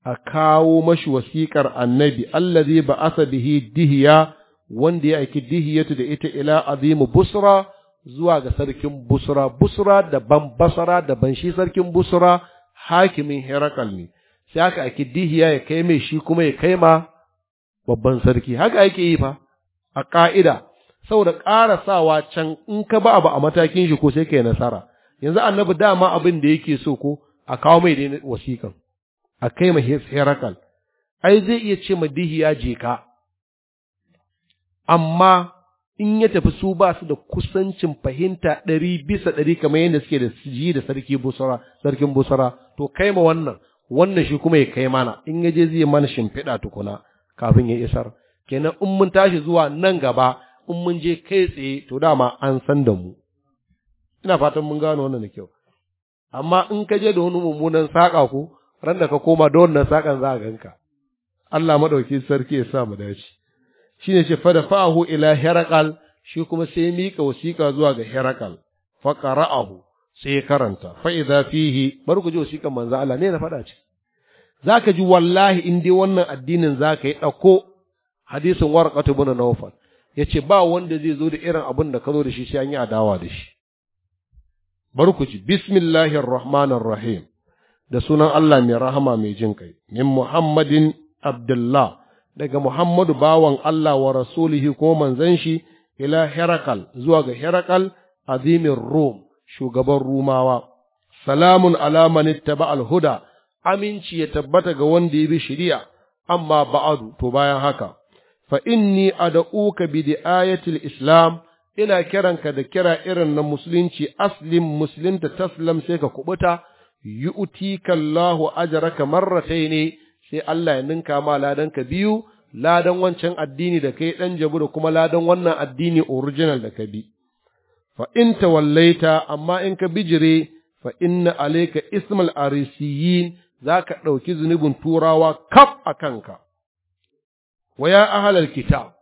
a kawo mashi wasiƙar annabi allazi ba asa bihi dihiya wanda ya aiki dihiyatu da ita ila azimu busra zuwa ga sarkin busra busra daban basara daban shi sarkin busra hakimin herakal ne sai aka aiki dihiya ya kai mai shi kuma ya kai ma babban sarki haka ake yi fa a ƙa'ida saboda ƙarasawa can in ka ba abu a matakin shi ko sai ka nasara yanzu annabi dama abin da yake so ko a kawo mai da wasiƙan a kai ma herakal ai zai iya ce ma dihiya je ka amma in ya tafi su ba su da kusancin fahimta ɗari bisa ɗari kamar yadda suke da ji da sarki busara sarkin busara to kai ma wannan wannan shi kuma ya kai mana in ya je zai mana shimfiɗa tukuna kafin ya isar kenan in mun tashi zuwa nan gaba in mun je kai tsaye to dama an san da mu ina fatan mun gano wannan da kyau amma in ka je da wani mummunan saƙa ko ran da ka koma da wannan saƙan za a ganka Allah madauki sarki ya sa mu dace shine ce fada ila herakal shi kuma sai mika wasiƙa zuwa ga herakal fa qara'ahu sai karanta fa idza fihi barku ji wasiƙan manzo Allah ne na faɗa ce zaka ji wallahi in dai wannan addinin zaka yi ɗauko hadisin warqatu bin nawfal yace ba wanda zai zo da irin abin da ka zo da shi sai an yi adawa da shi bar ku ji bismillahir rahmanir rahim da sunan Allah mai rahama mai jin kai min Muhammadin Abdullah daga Muhammadu bawan Allah wa rasulihi ko manzon shi ila Herakal zuwa ga Herakal azimin Rum shugaban Rumawa salamun ala man ittaba huda aminci ya tabbata ga wanda ya bi shari'a amma ba'adu to bayan haka fa inni ad'uka bi di'ayatil islam ina kiranka da kira irin na musulunci aslim musulunta taslam sai ka kubuta yu'tika Allahu ajraka ne sai Allah ya ninka ma ladan ka biyu ladan wancan addini da kai dan jabu da kuma ladan wannan addini original da ka bi fa in tawallaita amma in ka bijire fa inna alayka ismal arisiyin zaka dauki zunubin turawa kaf akanka wa ya ahlal kitab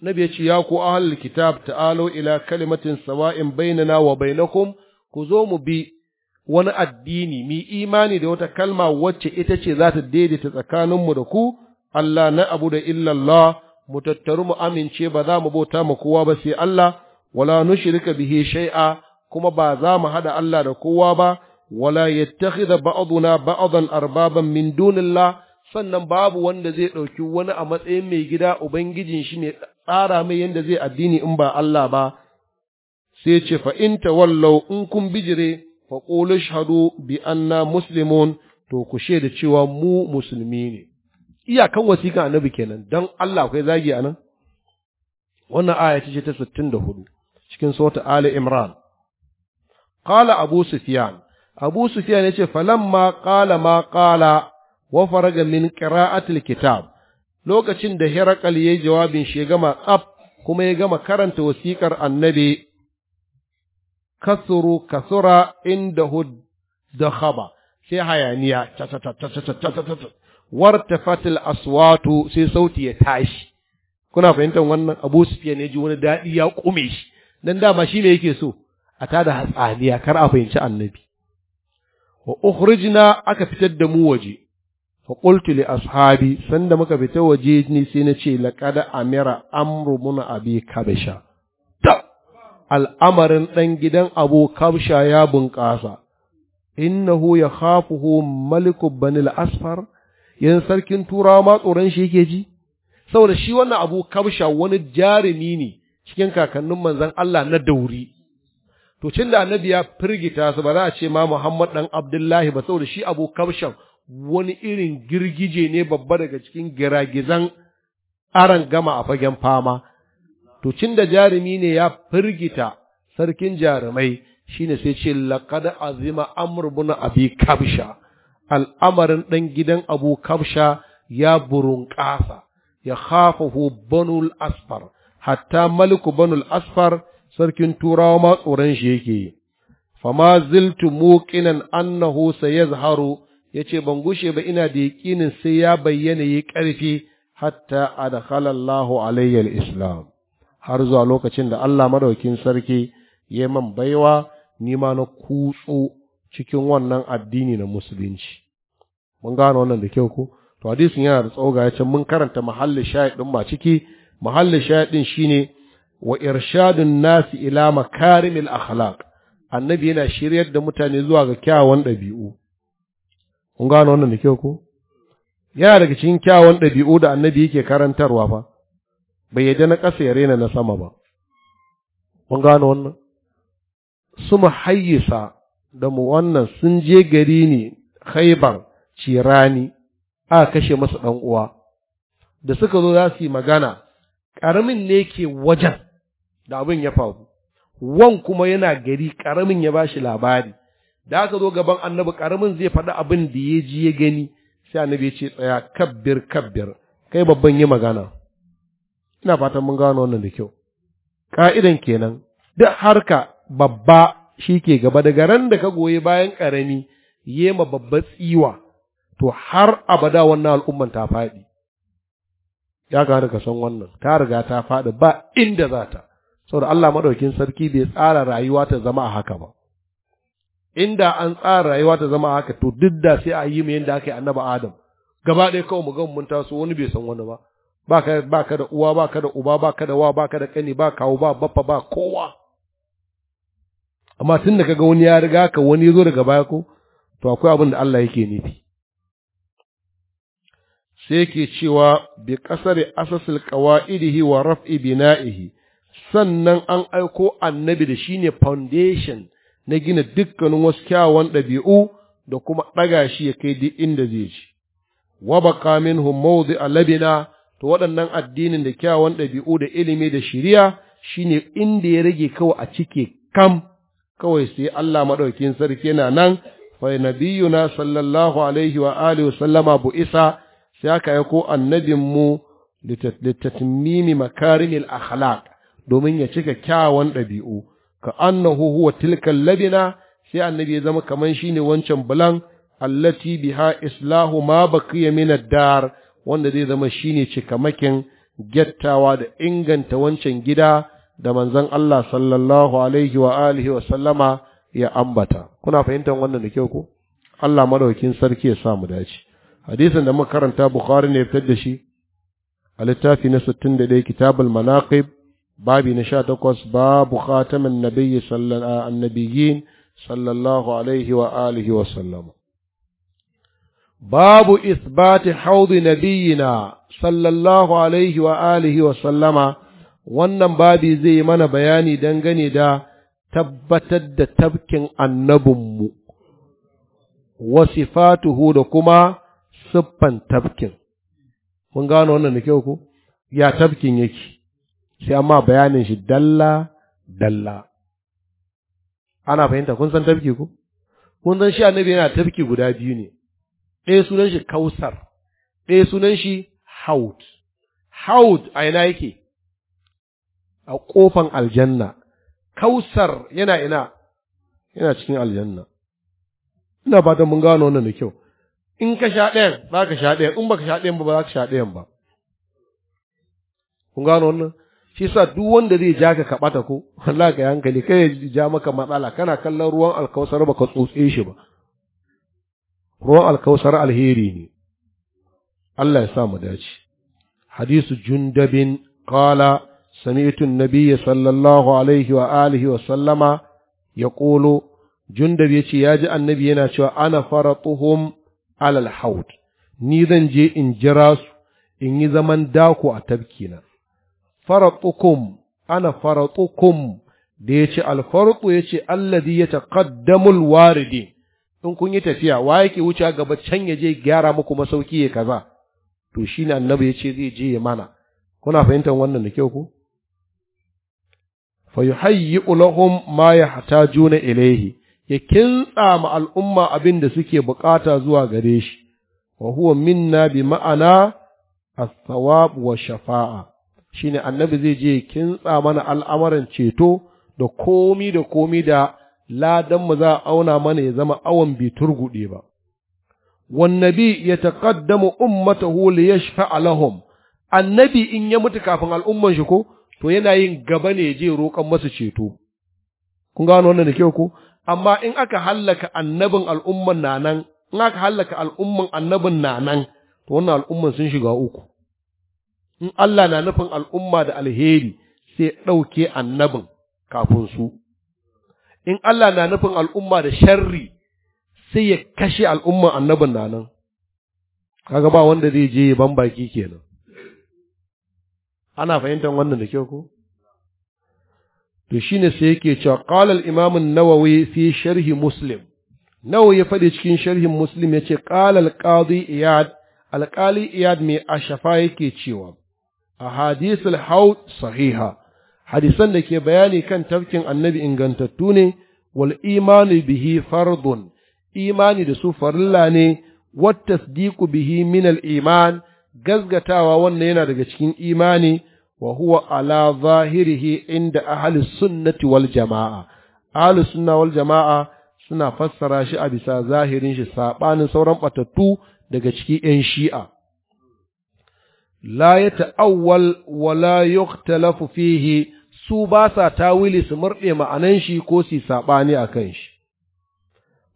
Nabi ya ce, Ya ku ahal kitab ta'alo ila kalimatin sawa'in bainana wa bainakum ku zo mu bi wani addini, mi imani da wata kalma wacce ita ce za ta daidaita tsakaninmu da ku, Allah na abu da illallah, mu tattaru mu amince ba za mu bauta ma kowa ba sai Allah, wala nushrika bihi shai'a kuma ba za mu hada Allah da kowa ba, wala yattakhidha ba'duna ba'dan arbaban min dunillah sannan babu wanda zai ɗauki wani a matsayin mai gida ubangijin shi ne tsara mai yadda zai addini in ba Allah ba sai ce fa in tawallau in kun bijire fa qulu shahadu bi anna muslimun to ku shaida cewa mu musulmi ne iyakan wasiƙa annabi kenan don Allah akwai zagi a nan. wannan aya ce ta 64 cikin sota Ali Imran kala Abu Sufyan Abu Sufyan ce, falamma kala ma kala wa faraga min kitab lokacin da Herakal ya yi jawabin shi ya gama tsaf kuma ya gama karanta wasikar annabi kasuru kasura inda hud da haba sai hayaniya wartafatil aswatu sai sauti ya tashi kuna fahimtar wannan Abu Sufyan ya ji wani daɗi ya ƙume shi dan dama shi ne yake so a tada hatsaniya kar a fahimci annabi wa ukhrijna aka fitar da mu waje faƙultu li ashabi sanda muka fita waje ne sai na ce laƙada amira amru muna abi kabisha al'amarin ɗan gidan abu ya bunƙasa innahu ya khafuhu maliku banil asfar yan sarkin turawa ma tsoron shi yake ji saboda shi wannan abu wani jarumi ne cikin kakannin manzon Allah na dauri to cin da ya firgita su ba za a ce ma Muhammad dan Abdullahi ba saboda shi Abu wani irin girgije ne babba daga cikin giragizan aran gama a fagen fama to cin da jarumi ne ya firgita sarkin jarumai Shi ne sai ce laqad azima amr ibn abi kabsha al'amarin ɗan gidan abu kabsha ya ƙasa ya hafahu banul asfar hatta maliku banul asfar sarkin turawa ma tsoron shi yake fama ziltu muqinan annahu sayazharu Ya ce ban gushe ba ina da yaƙinin sai ya bayyana yi ƙarfi hatta a da alayya al-islam har zuwa lokacin da Allah madaukin sarki ya man baiwa nima na kutsu cikin wannan addini na musulunci mun gano wannan da kyau ko to hadisin yana da tsoga ya ce mun karanta mahalli shahid ba ma ciki mahallin shahid shi shine wa irshadun nasi ila makarimil akhlaq annabi yana shiryar da mutane zuwa ga kyawawan ɗabi'u kun gano wannan da kyau ko yana daga cikin kyawun ɗabi'u da annabi yake karantarwa fa bai yadda na ƙasa ya rena na sama ba kun gano wannan su muhayyisa da mu wannan sun je gari ne haibar cirani a kashe masa ɗan uwa da suka zo za su yi magana ƙaramin ne ke wajen da abin ya faru wan kuma yana gari ƙaramin ya ba shi labari da aka zo gaban annabi karamin zai faɗi abin da ya ji ya gani sai annabi ya ce tsaya kabbir kabbir kai babban yi magana ina fatan mun gano wannan da kyau ka'idan kenan duk harka babba shi ke gaba daga ran da ka goyi bayan karami yema babba tsiwa to har abada wannan al'umman ta faɗi ya gane ka san wannan ta riga ta faɗi ba inda za ta saboda Allah madaukin sarki bai tsara rayuwa ta zama a haka ba inda an tsara rayuwa ta zama haka to duk da sai a yi mu yadda aka yi annaba adam gaba ɗaya kawai mu ga mun taso wani bai san wani ba baka baka da uwa baka da uba baka da wa baka da kani ba kawo ba baffa ba kowa amma tun da kaga wani ya riga ka wani zo daga baya ko to akwai abin da Allah yake nufi sai yake cewa bi kasar asasil qawaidihi wa raf'i bina'ihi sannan an aiko annabi da shine foundation na gina dukkanin wasu kyawawan ɗabi'u da kuma ɗaga shi ya kai duk inda zai ci. Wa baka minhum mawdi alabina to waɗannan addinin da kyawawan ɗabi'u da ilimi da shiriya shine inda ya rage kawai a cike kam kawai sai Allah maɗaukin sarki yana nan fa Nabiyyuna sallallahu alaihi wa alihi sallama bu isa sai aka yi ko annabin mu litatmimi makarimil akhlaq domin ya cika kyawawan ɗabi'u ka annahu huwa tilkan labina sai annabi ya zama kaman shine wancan bulan allati biha islahu ma baqiya min dar wanda zai zama shine cikamakin gettawa da inganta wancan gida da manzon Allah sallallahu alaihi wa alihi wa sallama ya ambata kuna fahimtar wannan da kyau ko Allah madaukin sarki ya sa mu dace hadisin da muka karanta Bukhari ne fitar da shi a littafi na 61 Kitabul Manaqib babi na sha takwas babu khatamin nabiyyi annabiyyin sallallahu alaihi wa alihi wa sallama babu isbati haudi nabiyyina sallallahu alaihi wa alihi wa sallama wannan babi zai mana bayani dangane da tabbatar da tabkin annabinmu wa sifatuhu da kuma siffan tabkin mun gano wannan da kyau ko ya tabkin yake sai amma bayanin shi dalla dalla ana fahimta kun san tafki ko kun san shi annabi yana tafki guda biyu ne ɗaya sunan shi kausar ɗaya sunan shi haut, haut a ina yake a ƙofan aljanna kausar yana ina yana cikin aljanna ina fatan mun gano wannan da kyau in ka sha ɗayan za ka sha ɗayan in baka sha ɗayan ba ba za ka sha ɗayan ba kun gano wannan shi sa duk wanda zai ja ka kaɓata ko Allah ga hankali kai ya ja maka matsala kana kallon ruwan alkausar ba ka tsotse shi ba ruwan alkausar alheri ne Allah ya sa mu dace hadisu jundabin qala sami'tu an sallallahu alaihi wa alihi wa sallama yaqulu jundab yace ji annabi yana cewa ana faratuhum alal haud ni zan je in jira su in yi zaman dako a tabkina faratukum ana faratukum da ya ce alfarqu ya ce alladhi yataqaddamul waridi in kun yi tafiya wa yake wuce gaba can ya je gyara muku masauki ya kaza to shine annabi ya ce zai je ya mana kuna fahimtar wannan da kyau ko fayuhayyi'u lahum ma yahtajuna ilayhi ya kintsa ma al'umma abin da suke bukata zuwa gare shi wa huwa minna bi ma'ana as-sawab wa shafa'a Shin annabi zai je kintsa mana al'amuran ceto da komi da komi da ladan mu za a auna mana ya zama awon bai turgude ba wannabi ya taqaddamu huli, li yashfa'a lahum annabi in ya mutu kafin al'umman shi ko to yana yin gaba ne je roƙon masa ceto kun gano wannan da kyau ko amma in aka hallaka annabin al'umman na nan in aka hallaka al'umman annabin na nan to wannan al'umman sun shiga uku in Allah na nufin al'umma da alheri sai ɗauke annabin kafin su, in Allah na nufin al'umma da sharri sai ya kashe al'umman annabin na nan, kaga ba wanda zai je ban baki kenan. Ana fahimtar wannan da kyau ko? To shi ne sai yake cewa ƙalar imamun nawawi fi sharhi Muslim, Nawa ya faɗi cikin sharhin Muslim ya ce ƙalar ƙazi iyad, alƙali iyad mai ashafa yake cewa. a hadisul haud sahiha hadisan da ke bayani kan tafkin annabi ingantattu ne wal imani bihi fardun imani da su farilla ne wattasdiqu bihi min al iman gazgatawa wannan yana daga cikin imani wa huwa ala zahirihi inda ahli sunnati wal jama'a ahli sunna wal jama'a suna fassara shi a bisa zahirin shi sabanin sauran batattu daga cikin yan shi'a la ya ta'awwal wa la su ba sa tawili su murɗe ma'anan shi ko su saɓani a kan shi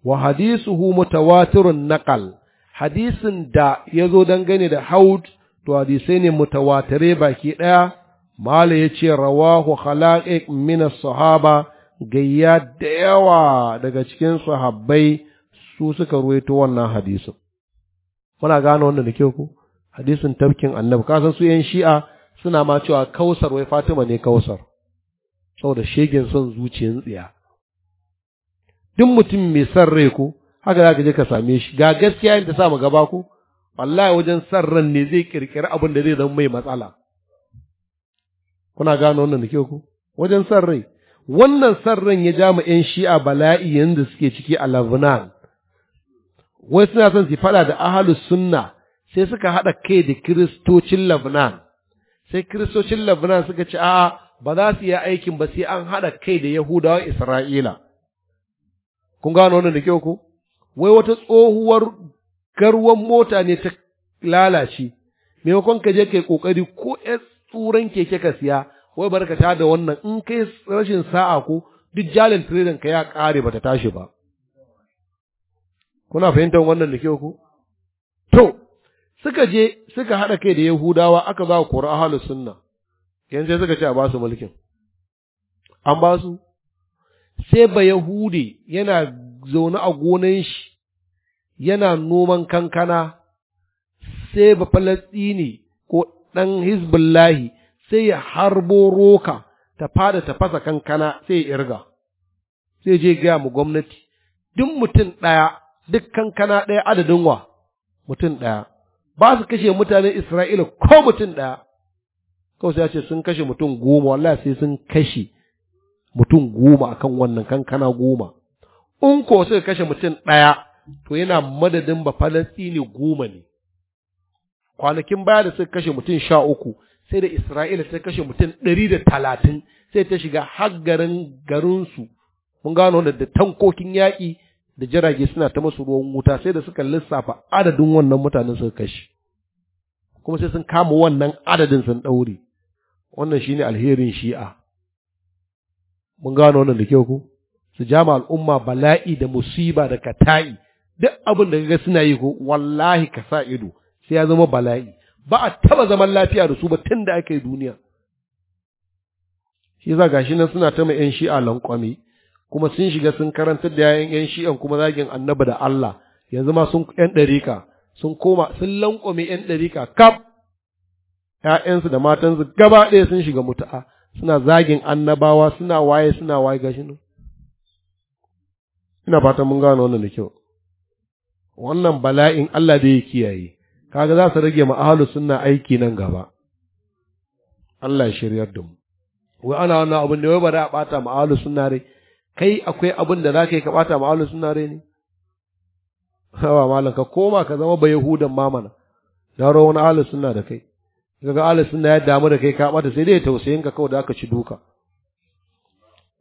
wa hadisuhu mutawatirun naƙal hadisin da ya zo dangane da haud to hadisai ne mutawatire baki ɗaya mala ya ce rawahu khala'iq min sahaba gayya da yawa daga cikin sahabbai su suka ruwaito wannan hadisin muna gane wannan da kyau ku hadisin tafkin annabi kasan su yan shi'a suna ma cewa kausar wai fatima ne kausar saboda shegen son zuciyar tsiya duk mutum mai san rai ko haka za ka je ka same shi ga gaskiya yadda sa mu gaba ko wallahi wajen san ran ne zai kirkiri abin da zai zama mai matsala kuna gano wannan da ke ku wajen san rai wannan san ran ya ja mu yan shi'a bala'i yanda suke ciki a labnan wai suna son su faɗa da ahalus sunna sai suka haɗa kai da kiristocin labnan sai kiristocin labnan suka ce a ba za su yi aikin ba sai an haɗa kai da Yahudawa Isra'ila kun gano wannan da kyau ko wai wata tsohuwar garwan mota ne ta lalace maimakon ka je kai kokari ko yan tsuran keke ka siya wai ta da wannan in kai rashin sa'a ko duk jalin tiredin ka ya kare ta tashi ba kuna fahimtar wannan da kyau ko to suka je suka haɗa kai da Yahudawa aka za ku kori ahalus sunna yanzu suka ce a ba su mulkin an ba su sai ba Yahudi yana zaune a gonan shi yana noman kankana sai ba Falastini ko ɗan Hizbullahi sai ya harbo roka ta fada ta fasa kankana sai ya irga sai je gaya mu gwamnati duk mutum ɗaya duk kankana ɗaya adadin wa mutum ɗaya ba su kashe mutanen Isra'ila ko mutum ɗaya kawai sai ya ce sun kashe mutum goma wallahi sai sun kashe mutum goma a kan wannan kankana goma in ko suka kashe mutum ɗaya to yana madadin ba ne goma ne kwanakin baya da suka kashe mutum sha uku sai da isra'ila ta kashe mutum ɗari da talatin sai ta shiga har garin garinsu mun gano da tankokin yaƙi da jirage suna ta masu ruwan wuta sai da suka lissafa adadin wannan mutanen suka kashe kuma sai sun kama wannan adadin sun ɗaure wannan shine alherin shi'a mun gano wannan da kyau ku su jama al'umma bala'i da musiba da kata'i duk abin da ga suna yi ko wallahi ka sa ido sai ya zama bala'i ba a taba zaman lafiya da su ba tun da aka yi duniya shi za gashi nan suna ta mai yan shi'a lankwame kuma sun shiga sun karantar da yayan yan shi'an kuma zagin annabi da Allah yanzu ma sun yan ɗarika sun koma sun lankwame yan ɗarika kaf ‘ya'yansu da matansu gaba ɗaya sun shiga mutu'a suna zagin annabawa suna waye suna waye gashi nan ina fatan mun gano wannan da kyau wannan bala'in Allah da ya kiyaye kaga za su rage ma'ahalu suna aiki nan gaba Allah ya shiryar da mu wai ana wannan abin da wai bari a ɓata ma'ahalu suna rai kai akwai abin da za ka yi ka ɓata ma ahlus sunna rai ne hawa malam ka koma ka zama ba yahudan mamana ya rawo wani ahlus sunna da kai kaga ahlus suna ya damu da kai ka ɓata sai dai tausayin ka kawai da aka ci duka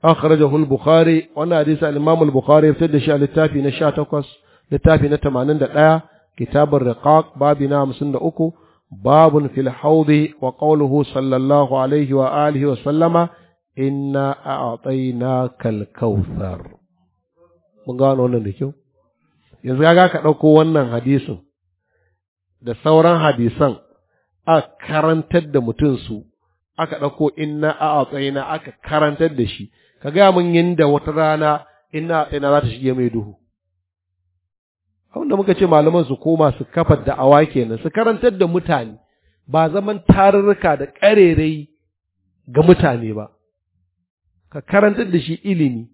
An akhrajahu al-bukhari wannan hadisi al-imam al-bukhari ya fitar da shi a littafi na sha takwas, littafi na 81 kitabur riqaq babi na 53 babun fil hawdi wa qawluhu sallallahu alaihi wa alihi wa sallama inna a'tayna kal kautsar mun gano wannan da kyau yanzu ga ka ɗauko wannan hadisin da sauran hadisan aka karantar da mutum su aka ɗauko inna a'tayna aka karantar da shi ka gaya mun yinda wata rana inna a'tayna za ta shige mai duhu abinda muka ce malaman su koma su kafa awa kenan su karantar da mutane ba zaman tarurruka da ƙarerai ga mutane ba ka karantar da shi ilimi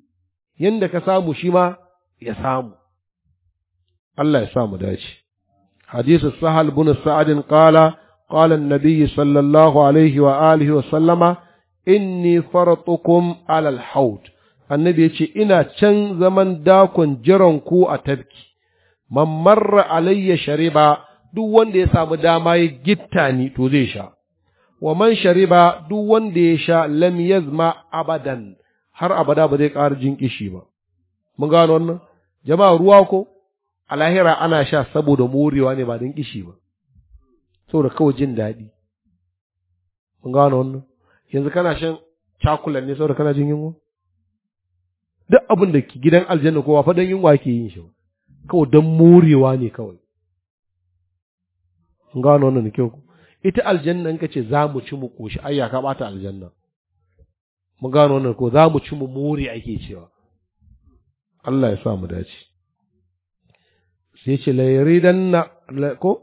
yadda ka samu shi ma ya samu Allah ya samu dace حديث Sa'adin بن سعد قال قال النبي صلى الله عليه وآله وسلم إني فرطكم على الحوض annabi ya ce ina can zaman dakon jiran ku a tafki man alayya shariba duk wanda ya samu dama ya gitta ni to zai sha wa man shariba duk wanda ya sha lam yazma abadan har abada ba zai ƙara jin kishi ba mun gano wannan jama'a ruwa ko a lahira ana sha saboda morewa ne ba don kishi ba saboda kawai jin daɗi mun gano wannan yanzu kana shan cakulan ne saboda kana jin yunwa duk abin da ke gidan aljanna kowa wafa don yunwa ke yin shi kawai don morewa ne kawai mun gano wannan da kyau ita aljanna in kace za mu ci mu koshi ai ya ka bata aljanna Mu gano wannan ko za mu ci mu more ake cewa Allah ya sa mu dace sai ce la ko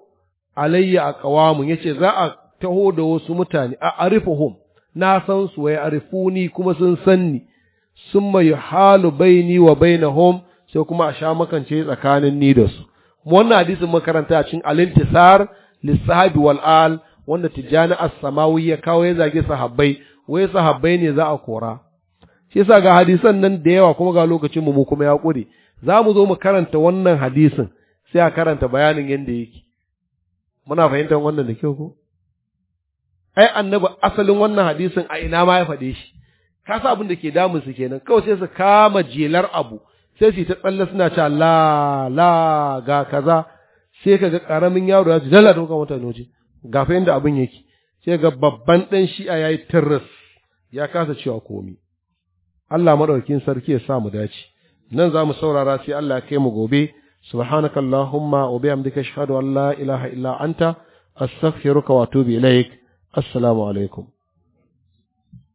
alayya aqwamun yace za a taho da wasu mutane a arifuhum na san su wai arifuni kuma sun sanni summa yuhalu baini wa bainahum sai kuma a sha makance tsakanin ni da su wannan hadisin makaranta cin cikin al lissahabi wal al wanda tijani as-samawi ya kawo ya zage sahabbai wai sahabbai ne za a kora shi yasa ga hadisan nan da yawa kuma ga lokacin mu kuma ya kure za mu zo mu karanta wannan hadisin sai a karanta bayanin yadda yake muna fahimtar wannan da kyau ko ai annabi asalin wannan hadisin a ina ma ya faɗe shi ka sa abin da ke damun su kenan kawai sai su kama jelar abu sai su ta tsalle suna cewa la la ga kaza sai kaga karamin yaro ya ce dalla dokan wata noje gafa yadda abin yake sai ga babban ɗan shi'a ya yi tirris ya kasa cewa komai Allah maɗaukin sarki ya sa mu dace nan za mu saurara sai Allah ya kai mu gobe subhanaka wa bihamdika ashhadu an la ilaha illa anta astaghfiruka wa atubu ilaik assalamu alaikum